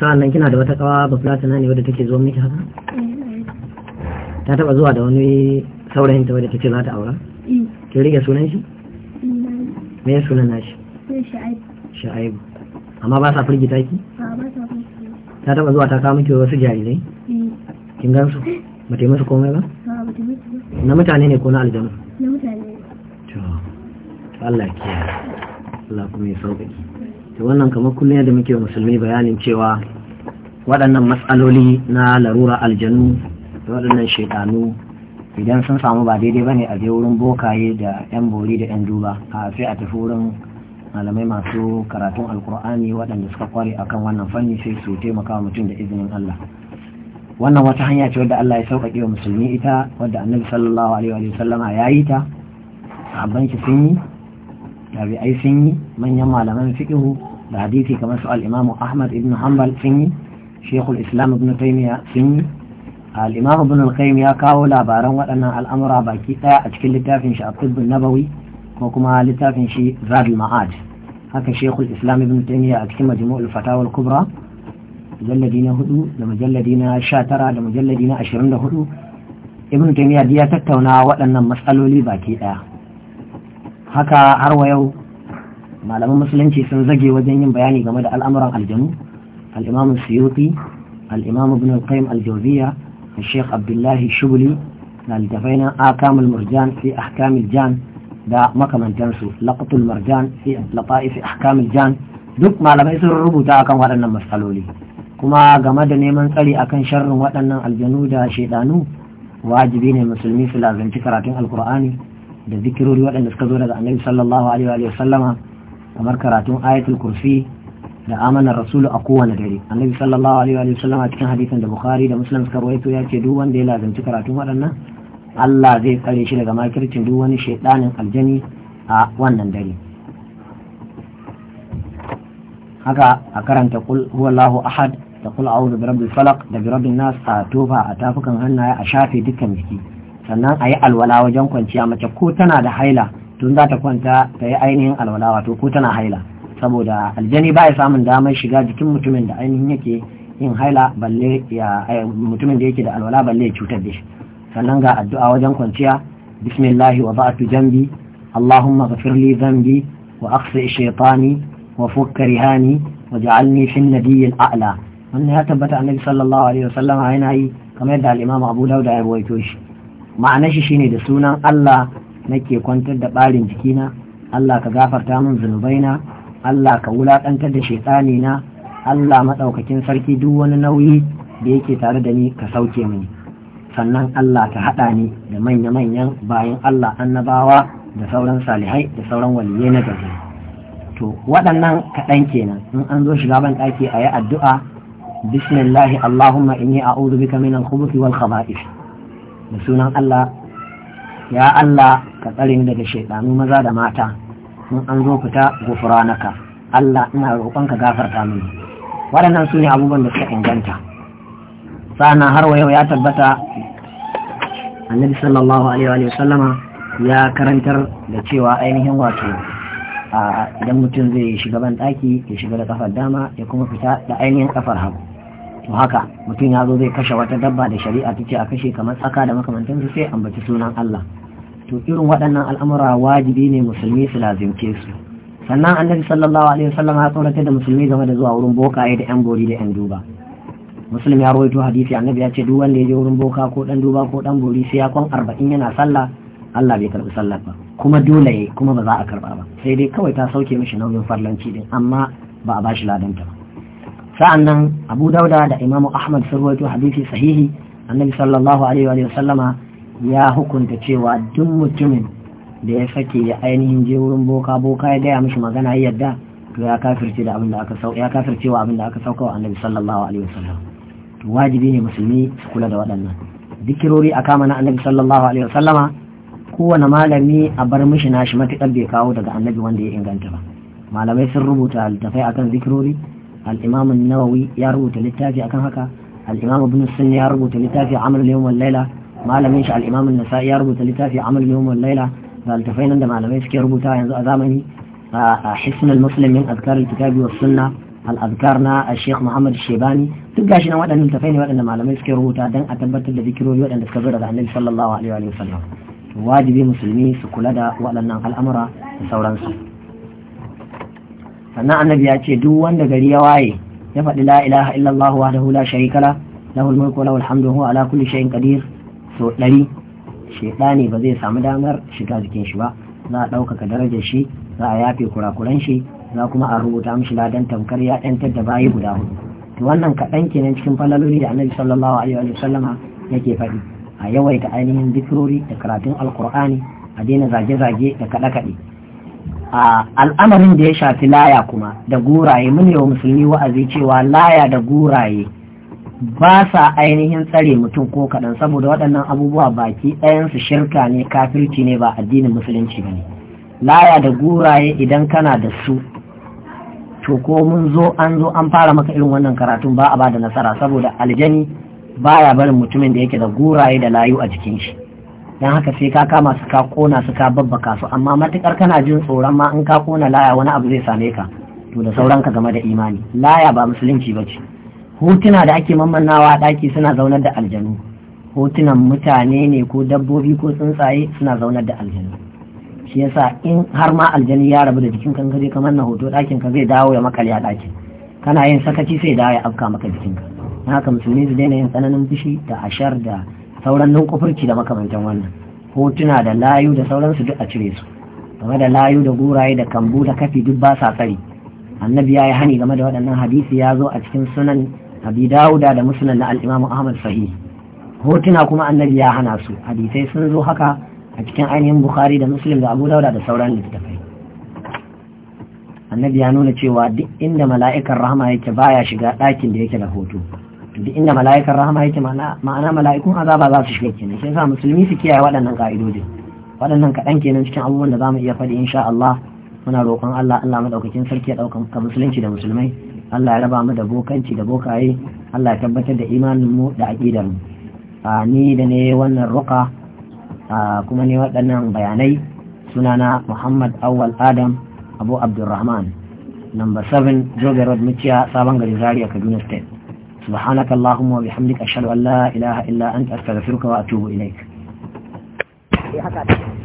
sa'an nan kina da wata kawa ba na ne wadda take zuwa miki haka ta taba zuwa da wani saurayin ta wadda take za ta aura mm. kin rike sunan shi mm. me sunan nashi sha'aibu amma ba sa firgita ki ta taba zuwa ta kawo miki wasu jarirai eh. kin gan su ba ta yi masu komai ba na mutane ne ko na aljanu na mutane to Allah ke Allah kuma ya sauƙaƙi ta wannan kamar kullum yadda muke musulmi bayanin cewa waɗannan matsaloli na larura aljanu da waɗannan shaidanu idan sun samu ba daidai ba ne a je wurin bokaye da yan bori da yan duba a sai a tafi wurin malamai masu karatun alkur'ani waɗanda suka kware akan wannan fanni sai su taimaka mutum da izinin Allah wannan wata hanya ce wadda Allah ya sauƙaƙe wa musulmi ita wadda annabi sallallahu alaihi wa sallama ya yi ta sahabban sun yi tabi'ai sun yi manyan malaman fiqhu da hadisi kamar su al-Imam Ahmad ibn Hanbal sun yi Sheikhul Islam ibn Taymiyyah sun yi al-Imam ibn al-Qayyim ya kawo labaran waɗannan al'amura baki ɗaya a cikin littafin shi a Tibbun Nabawi ko kuma littafin shi zadul ma'ad haka shekul islam ibn taymiya a cikin majmu'ul fatawa kubra mujalladi na da mujalladi na sha da mujalladi na ibn taymiya ya tattauna waɗannan matsaloli baki ɗaya haka har wa yau malaman musulunci sun zage wajen yin bayani game da al'amuran aljanu Al'imamin suyuti al'imam ibn al-qayyim al-jawziya الشيخ عبد الله الشبلي قال اتفقنا احكام المرجان في da makamantansu laqatul marjan fi lataif ahkamul jan duk malamai sun rubuta akan waɗannan matsaloli kuma game da neman tsari akan sharrin waɗannan aljanu da shaidanu wajibi ne musulmi su lazanci karatun alkur'ani da zikirori waɗanda suka zo daga annabi sallallahu alaihi wa sallama kamar karatun ayatul kursi da amanar rasulu a kowane dare annabi sallallahu alaihi wa sallama cikin hadisin da bukhari da muslim suka rawaito ya ce duk wanda ya lazanci karatun waɗannan Allah zai tsare shi daga makircin duk wani shaidanin aljani a wannan dare haka a karanta kul ahad da kul a'udhu bi rabbil falaq da bi rabbin nas a tofa a tafukan hannaye a shafe dukkan jiki sannan a yi alwala wajen kwanciya mace ko tana da haila tun za ta kwanta ta yi ainihin alwala wato ko tana haila saboda aljani ba ya samun damar shiga jikin mutumin da ainihin yake yin haila balle ya eh, mutumin da yake da alwala balle ya cutar da shi sannan ga addu'a wajen kwanciya bismillah wa ba'atu jambi allahumma ghafir li dhanbi wa aksa shaytani wa fukk rihani wa ja'alni fi an-nabiy al-a'la wannan ya tabbata annabi sallallahu alaihi wasallam yana yi kamar da al-imam abu dawud ya rawaito shi ma'anar shi shine da sunan Allah nake kwantar da barin jikina Allah ka gafarta min zunubaina Allah ka wulakantar da shaytani na Allah maɗaukakin sarki duk wani nauyi da yake tare da ni ka sauke mini sannan Allah ta haɗa ni da manya-manyan bayan Allah annabawa da sauran salihai da sauran waliyai na gari to waɗannan kaɗan kenan in an zo shiga ban ɗaki a yi addu'a bismillahi allahumma in yi a bika min al-khubuthi wal khaba'ith da sunan Allah ya Allah ka tsare ni daga shaidanu maza da mata in an zo fita na ka. Allah ina roƙonka gafarta mini waɗannan su ne abubuwan da suka inganta sana har wa yau ya tabbata annabi sallallahu alaihi wa ya karantar da cewa ainihin wato idan mutum zai shiga ban daki ya shiga da kafar dama ya kuma fita da ainihin kafar hagu to haka mutum ya zo zai kashe wata dabba da shari'a ta ce a kashe kamar tsaka da makamantansu sai ambaci sunan Allah to irin waɗannan al'amura wajibi ne musulmi su lazimce su sannan annabi sallallahu alaihi wasallam ya tsorata da musulmi game da zuwa wurin bokaye da yan bori da yan duba muslim ya rawaito hadisi annabi ya ce duk wanda ya je wurin boka ko dan duba ko dan bori sai ya kwan arba'in yana sallah Allah bai karbi sallah ba kuma dole yayi kuma ba za a karba ba sai dai kawai ta sauke mishi nauyin farlanci din amma ba a bashi ladanta ba sa'annan Abu Dauda da Imam Ahmad sun rawaito hadisi sahihi annabi sallallahu alaihi wa sallama ya hukunta cewa duk mutumin da ya sake ya ainihin je wurin boka boka ya gaya mishi magana ya yadda to ya kafirce da abin da aka sau ya kafirce wa abin da aka sauka wa annabi sallallahu alaihi wa sallam wajibi ne musulmi su kula da waɗannan zikirori a kama na annabi sallallahu alaihi wasallama kowane malami a bar mishi nashi matuƙar bai kawo daga annabi wanda ya inganta ba malamai sun rubuta littafai akan zikirori al-imam nawawi ya rubuta littafi akan haka al-imam ibn sunni ya rubuta littafi amal yawm wal laila malamin shi al-imam an-nasa'i ya rubuta littafi amal yawm wal laila da littafai nan da malamai suke rubuta yanzu a zamani a hisnul muslim min azkar al-kitabi was sunna al-azkar na al-sheikh muhammad shebani duk gashi nan waɗannan tafai ne waɗanda malamai suke rubuta don a tabbatar da zikirori waɗanda suka zo da annabi sallallahu alaihi wa sallam wajibi musulmi su kula da waɗannan al'amura da sauransu sannan annabi ya ce duk wanda gari ya waye ya faɗi la ilaha illallah wahdahu la sharika la lahul mulku wa lahul hamdu huwa ala kulli shay'in qadir so ɗari shedani ba zai samu damar shiga jikin shi ba za a ɗaukaka darajar shi za a yafe kurakuran shi za kuma a rubuta mishi ladan tamkar ya ɗantar da bayi guda hudu to wannan kaɗan kenan cikin falaloli da annabi sallallahu alaihi wa sallama yake faɗi a yawaita ainihin zikirori da karatun alkur'ani a daina zage-zage da kaɗe-kaɗe a al'amarin da ya shafi laya kuma da guraye mun yi wa musulmi wa'azi cewa laya da guraye ba sa ainihin tsare mutum ko kaɗan saboda waɗannan abubuwa baki ɗayansu shirka ne kafirci ne ba addinin musulunci ba ne laya da guraye idan kana da su to ko mun zo an zo an fara maka irin wannan karatun ba a ba da nasara saboda aljani baya barin mutumin da yake da guraye da layu a jikin shi dan haka sai ka kama su ka kona su ka babbaka su amma matukar kana jin tsoron ma in ka kona laya wani abu zai same ka to da sauran ka game da imani laya ba musulunci ba ce hotuna da ake mammannawa a ɗaki suna zaunar da aljanu hotunan mutane ne ko dabbobi ko tsuntsaye suna zaunar da aljanu shi yasa in har ma aljani ya rabu da jikin kan kaje kamar na hoto ɗakin ka zai dawo ya makale a ɗakin kana yin sakaci sai dawo ya afka maka jikin ka na haka musulmi su daina yin tsananin fushi da ashar da sauran nunkufurci da makamantan wannan hotuna da layu da sauransu duk a cire su game da layu da guraye da kambu da kafi duk ba sa tsari annabi ya yi hani game da waɗannan hadisi ya zo a cikin sunan abi dawuda da musulman na al'imamu ahmad sahih hotuna kuma annabi ya hana su hadisai sun zo haka a cikin ainihin bukhari da muslim da abu dauda da sauran littattafai annabi ya nuna cewa duk inda mala'ikan rahama yake baya shiga ɗakin da yake da hoto duk inda mala'ikan rahama yake ma'ana mala'ikun azaba za su shiga kenan shi yasa musulmi su kiyaye waɗannan ka'idojin waɗannan kaɗan kenan cikin abubuwan da mu iya faɗi insha Allah muna roƙon Allah Allah madaukakin sarki ya ɗaukan ka musulunci da musulmai Allah ya raba mu da bokanci da bokaye Allah ya tabbatar da imanin mu da aqidar mu a ni da ne wannan ruqa kuma ne waɗannan bayanai sunana muhammad awal adam abu abdulrahman number 7 jogar road muciya sabon gari zaria kaduna state subhanaka allahumma wa bihamdika ashhadu ilaha illa anta astaghfiruka wa atubu ilaik eh,